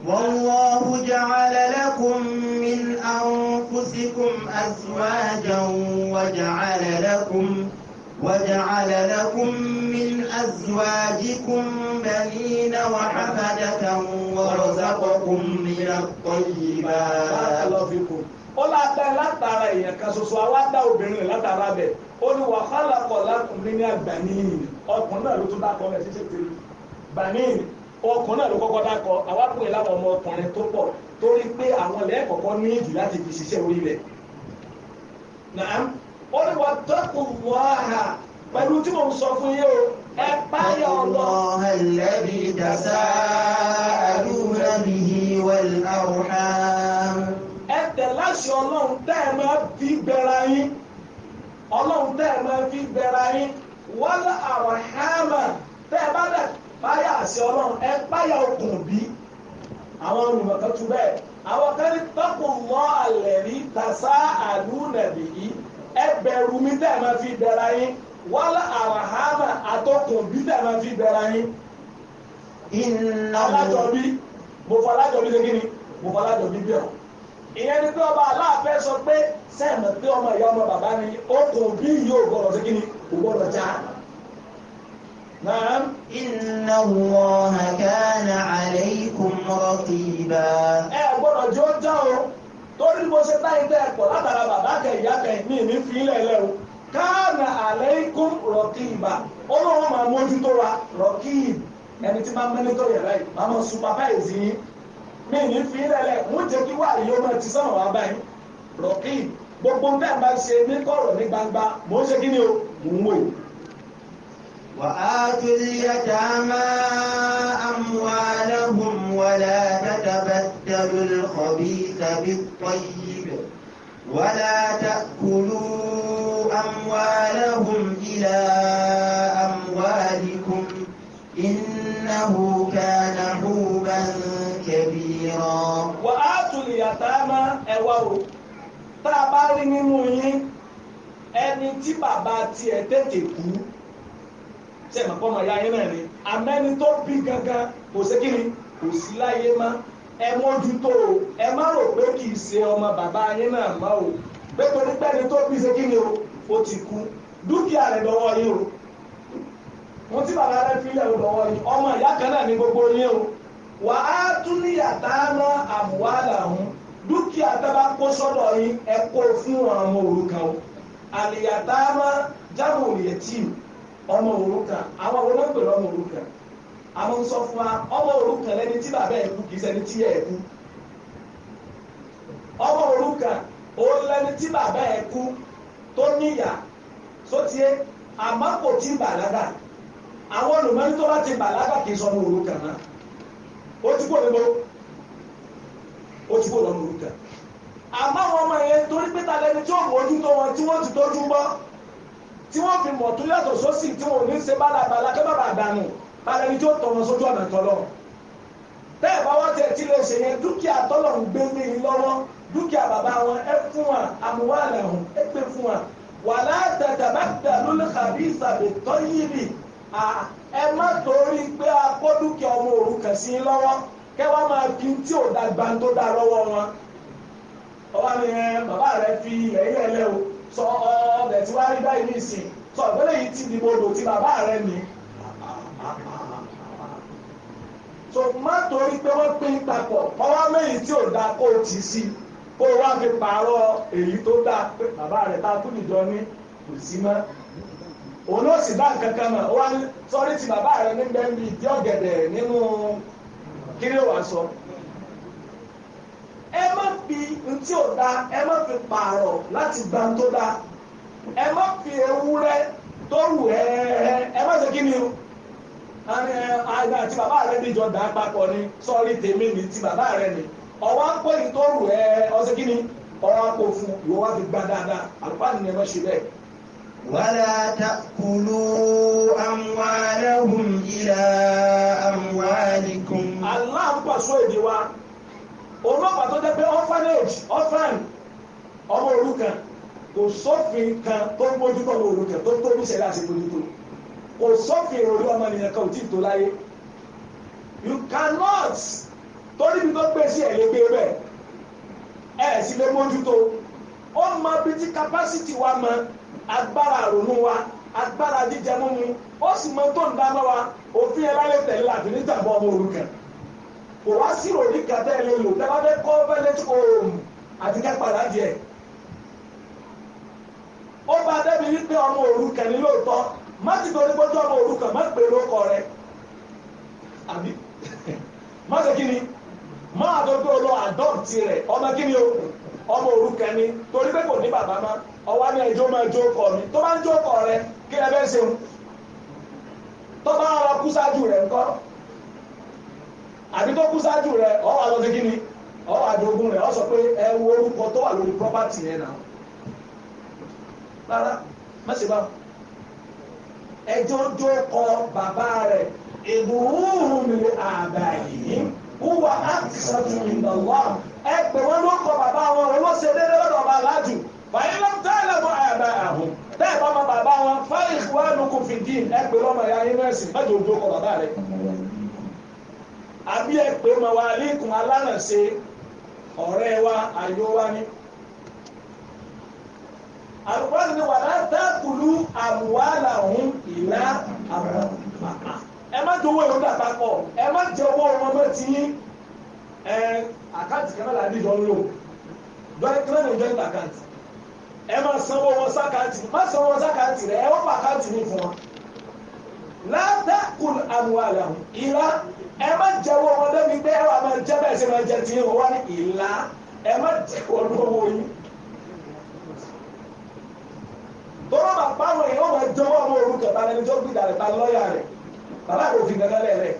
والله جعل لكم من أنفسكم أزواجا وجعل لكم وجعل لكم من أزواجكم بنين وحفدة ورزقكم من الطيبات ó látà látara èèyàn kan ṣoṣo aládà obìnrin látara bẹ ó ní wàhálà kọ lákùnrin ní àgbà níyìn ọkùnrin náà ló tún dákọ rẹ ṣíṣe tèmi bàníyìn ọkùnrin náà ló kọ́kọ́ dákọ awákùnrin láwọn ọmọ ọkùnrin tó pọ̀ torí pé àwọn lẹ́ẹ̀kọ̀kọ́ ní ìdí láti fi ṣiṣẹ́ orí rẹ̀ náà ó ní wọ́n dọ́kù wọ́ọ̀hà pẹ̀lú tí mò ń sọ fún yé o ẹ páyọ̀ lọ. ẹlẹ́bi dàsá àdúrà mi àwòrán. ẹ tẹ̀ láṣẹ ọlọ́run tẹ́ ẹ máa fi gbẹra yín ọlọ́run tẹ́ àwòrán tẹ́ ẹ bá dà páyà àṣẹ ọlọ́run ẹ páyà okùn bí àwọn olùmọ̀kan tún bẹ́ẹ̀ àwọn kan ní tọ́kùn mọ́ àlẹ́ rí tàṣà àlù nàbì yìí ẹ bẹ̀rù mi tẹ́ ẹ máa fi dẹ̀ra yín wálá àràhámà àtọkùn bí tẹ́ ẹ máa fi dẹ̀ra yín. alájọbí mo fọ alájọbí ṣe kí ni mo fọ alájọbí bẹ́ẹ̀ o ìyẹn ni pé ọba aláàfẹ́ sọ pé sẹ́ẹ̀mù pé ọmọ ìyá ọmọ bàbá ni okùn bí yìí gbọ́dọ̀ نعم إن الله كان عليكم رقيبا ẹ gbọ́dọ̀ jọ já o torí mo ṣe bá ẹgbẹ́ ẹ̀pọ̀ látara bàbá kẹ ìyá kẹ ní ìní fílẹ̀ lẹ́ o káàna àlẹ́kùn rọ̀kìbà ọlọ́run máa mójútó wa rọ̀kìb ẹni tí máa ń mẹ́lẹ́tọ̀ yàrá yìí máa mọ supervise yín mí ní fílẹ̀ lẹ́ mú jẹ́ kí wàá yọ ọmọ ti sọ̀rọ̀ wá báyìí rọ̀kìb gbogbo bẹ́ẹ̀ máa ṣe ní kọ̀rọ̀ ní gbangba mò ń ṣe kí ni o mò ń wò yìí. وآتوا اليتامى أموالهم ولا تتبدلوا الخبيث بالطيب ولا تأكلوا أموالهم إلى أموالكم إنه كان حوبا كبيرا وآتوا اليتامى أوروا tá a bá rí nínú yín ẹni tí bàbá tiẹ̀ tètè kú ṣe mọ̀ pọ́ mọ̀ ya ayé náà ni amẹ́ni tó bí gangan kò sí kí ni kò sí láyé mọ́ ẹ mójútó o ẹ má rò pé kì í ṣe ọmọ bàbá ayé náà mọ́ o pé torí pẹ́ni tó bí ṣe kí ni o ó ti kú dúkìá rẹ̀ lọ́wọ́ yín o mo ti bàbá rẹ̀ fi lẹ́wọ̀ lọ́wọ́ yín ọmọ ìyá kan náà ní gbogbo yín o wà á tún ní àtàánà àmúwálà ọ̀hún dúkìá tábà kó sọ́dọ̀ yín ẹ kó fún ọmọ òrukàn o àlìyàtàánà jábọ̀ òrìyẹ̀tì ọmọ òrukàn àwọn òun náà pèrè ọmọ òrukàn àwọn sọ fún wa ọmọ òrukàn lẹni tí bàbá ẹ̀ kú kìí ṣẹni tí ẹ̀ kú ọmọ òrukàn òun lẹni tí bàbá ẹ̀ kú tó níyà sótìé àmọ́ kò tí bàlágà àwọn olùmọ́ni tó bá ti bàlágà kìí sọ ọmọ òrukàn náà ó ti kó lóko ó ti kó lọ́mọ òrukàn àmọ́ àwọn ọmọ yẹn torí pé ta lẹni tí ó mójútó wọn tí wọ́n ti tójú bọ́ tí wọ́n fi mọ̀ tó yàtọ̀ sósì tí wọ́n ò ní ṣe bálabàla kẹ́ bàbà àdánù balẹ̀ni tí ó tọ̀nà sójú ọ̀nà tọ́lọ̀ bẹ́ẹ̀ bá wọ́n tẹ̀ tí lè ṣe yẹn dúkìá tọ́lọ̀ ń gbé ní lọ́wọ́ dúkìá bàbá wọn ẹ fún wa àmúwá àlàhùn ẹ pé fún wa wàlá tàtàbàtà lórí kàbí ìsàbẹ̀ tọ́ yìí bì ẹ má torí pé a kó dúkìá ọmọ òrukàn sí i lọ́wọ́ kẹ́ wá máa fi tí ò dàgbà tó dá lọ́wọ́ wọn ọwọ́ ni bàbá rẹ fi ẹ̀yẹ́ lẹ́wọ̀ sọ ọ̀rẹ́ tí wàá rí báyìí ní ìsìn sọ ìgbẹ́lẹ̀ yìí ti dìbò lò tí bàbá rẹ ní. so má torí pé wọ́n pín papọ̀ ọwọ́ lẹ́yìn tí ò da kó o tì í sí kó o wá fi pààrọ̀ èyí tó dáa pé bàbá rẹ̀ ta kú nìjọ ní kò sí mọ́ òun ó sì bá nǹkan kan mọ̀ wọ́n sọ́rí ti bàbá rẹ̀ nígbẹ́ mi ìdí ọ̀gẹ̀dẹ̀ nínú kí ẹ má fi ntí ò da ẹ má pààrọ̀ láti gba tó da ẹ má fi ewúrẹ́ tó wù ẹ ẹ o àgbà àti bàbá rẹ níjọ dà papọ̀ ni tèmi ni ti bàbá rẹ ni ọwọ́ pé tó wù ẹ ọ ṣe kí ni ọwọ́ fún ìwọ wá fi gba dáadáa àlùfáà nìyẹn má ṣe bẹ́ẹ̀. wa òun náà jẹ́ pé orphanage orphan ọmọ òrukàn kò sófin kan tó ń bójútó ọmọ òrukàn tó tóbi ṣẹlẹ̀ àti bójútó kò sófin ìròrí ọmọ nìyẹn kan ò tí tó láyé you cannot torí ibi tó gbé sí ẹ̀ lè gbé bẹ́ẹ̀ ẹ̀ sì lè mójútó ó mọ bí tí capacity wa mọ agbára àrònú wa agbára jíjẹ mímu ó sì mọ tó ń dáná wa òfin ẹ̀ láyé tẹ̀lé láti níta bọ́ ọmọ òrukàn kò wá sí òní kàtẹ́ ẹ̀ lè lò tẹ́ bá fẹ́ kọ́ fẹ́lẹ́tì òòrùn àti kẹ́pàdà jẹ. ó bá débi wípé ọmọ òrukàn ní lóòótọ́ má ti torí gbójú ọmọ òrukàn má pè lóko rẹ àbí má ṣe kí ni má àdógbò lọ àdọ́ọ̀tì rẹ̀ ọmọ kí ni o ọmọ òrukàn ni torí pé kò ní bàbá má ọwọ́ ní ẹjọ́ máa jó kọ mi tó bá ń jó kọ rẹ kí ẹ bẹ́ ṣeun tó bá ń àbí tó kú sáájú rẹ ọ wà lọ sí kí ni ọ wà dogun rẹ ọ sọ pé ẹ wo orúkọ tó wà lórí property yẹn náà rárá mẹ́sì bá ẹjọ́ jókọ bàbá rẹ̀ ìdúrúurú mi àbá yìí wúwa àkìsàtù ìdàlá ẹ pè wọ́n ló kọ bàbá wọn rẹ̀ wọ́n ṣe déédéé lọ́dọ̀ ọba aláàjù báyìí ló ń tẹ́lẹ̀ mọ́ àbá àhùn bẹ́ẹ̀ bá ma bàbá wọn fáyìí wà lóko fìdí ẹ pè lọ́mọ ìyá yín mẹ́sì mẹ́jọ jókọ bàbá rẹ̀ àbí ẹ pé mọ wa alékùn alárànṣe ọ̀rẹ́ wa àyò wa ni. àlùfáà ni wàlá dákùlù àmúwálà ọ̀hún ìlà àwọn màkà. ẹ má jowó ìlú dàgbà pọ̀ ẹ má jẹ owó ọmọ bẹ́ẹ̀ tí yín ẹ àkáǹtì kan náà láti jọ ń lò dọ́ẹ̀kìlẹ́ ní ìjọba àkáǹtì ẹ má sanwó wọn sákàǹtì má sanwó wọn sákàǹtì rẹ ẹ wọ́n pa àkáǹtì mi fún wa. látàkùn àmúwálà ọ̀hún ìlà E má jẹ owó wọn débi pé ẹ wà jẹ bẹ́ẹ̀ ṣe máa jẹ tí wọn wá ìlà ẹ jẹ wọn lọ́wọ́ yín. tọ́lá máa pa àwọn èèyàn balẹ̀ ta rẹ̀ bàbá rẹ̀ òfin rẹ̀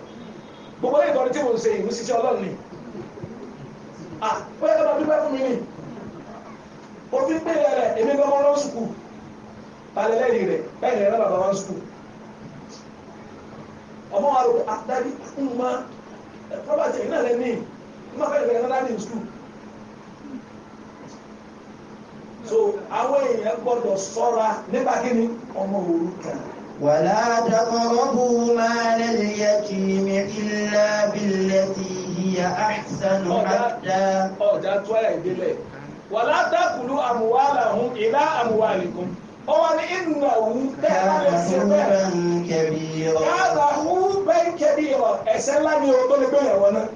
gbogbo ìkọ́ni tí mo ń ṣe ìlú ṣiṣẹ́ ọlọ́run ni dúpẹ́ fún mi ni òfin ọmọ wa rò pé àdájú ah, ah, ń mọ ẹ̀kọ́ iná rẹ ní ìmọ̀ fẹ́ ìfẹ́ náà ní sùkúl. so àwọn èèyàn gbọ́dọ̀ sọ́ra nípa kíni ọmọ òrukàn. ولا تقربوا مال اليتيم إلا بالتي هي أحسن حتى ọ̀dà tó ẹ̀ délẹ̀ ولا تأكلوا أموالهم إلى أموالكم ọwọ́ ní ìnà òun bẹ́ẹ̀ bá lọ sí bẹ́ẹ̀ káàlà hú bẹ́ẹ̀ kẹbí rọ ẹ̀ṣẹ̀ ńlá ni o tó lè gbé ìyàwó náà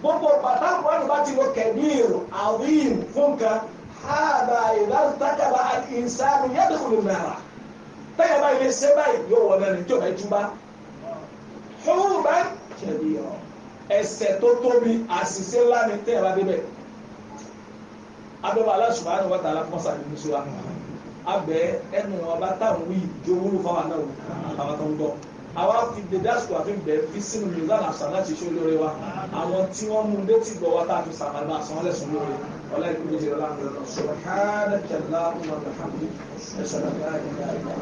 gbogbo pàtàkì wọn bá ti lọ kẹbí rọ àwìn fún kan káàlà ìdánitákàlà ìsàlù yẹ́dẹ̀kùnrin náírà tẹ́yà báyìí lè ṣe báyìí yóò wọ náà níjọ́ bá túbá hú bẹ́ẹ̀ kẹbí rọ ẹ̀ṣẹ̀ tó tóbi àṣìṣe ńlá ni tẹ́yà bá débẹ̀ abẹ́wò Allah subhanahu wa ta'ala fún ọ̀sán ìmúṣúra abẹ ẹnu ọba táwọn wí ìdíwúrú fáwọn náà àwọn tó ń gbọ́ àwa fi dedasco àfi bẹ fi sínú mizan àṣà láti ṣe olóore wa àwọn tí wọn mú létí gbọ́ wa tá a fi sàmàlà àṣà wọn lẹsùn lóore ọlá ìlú méjì ọlá ń lọ sọ hàn kẹlá ọmọ bàhámi ẹsẹ náà ń bá ẹgbẹ àgbà.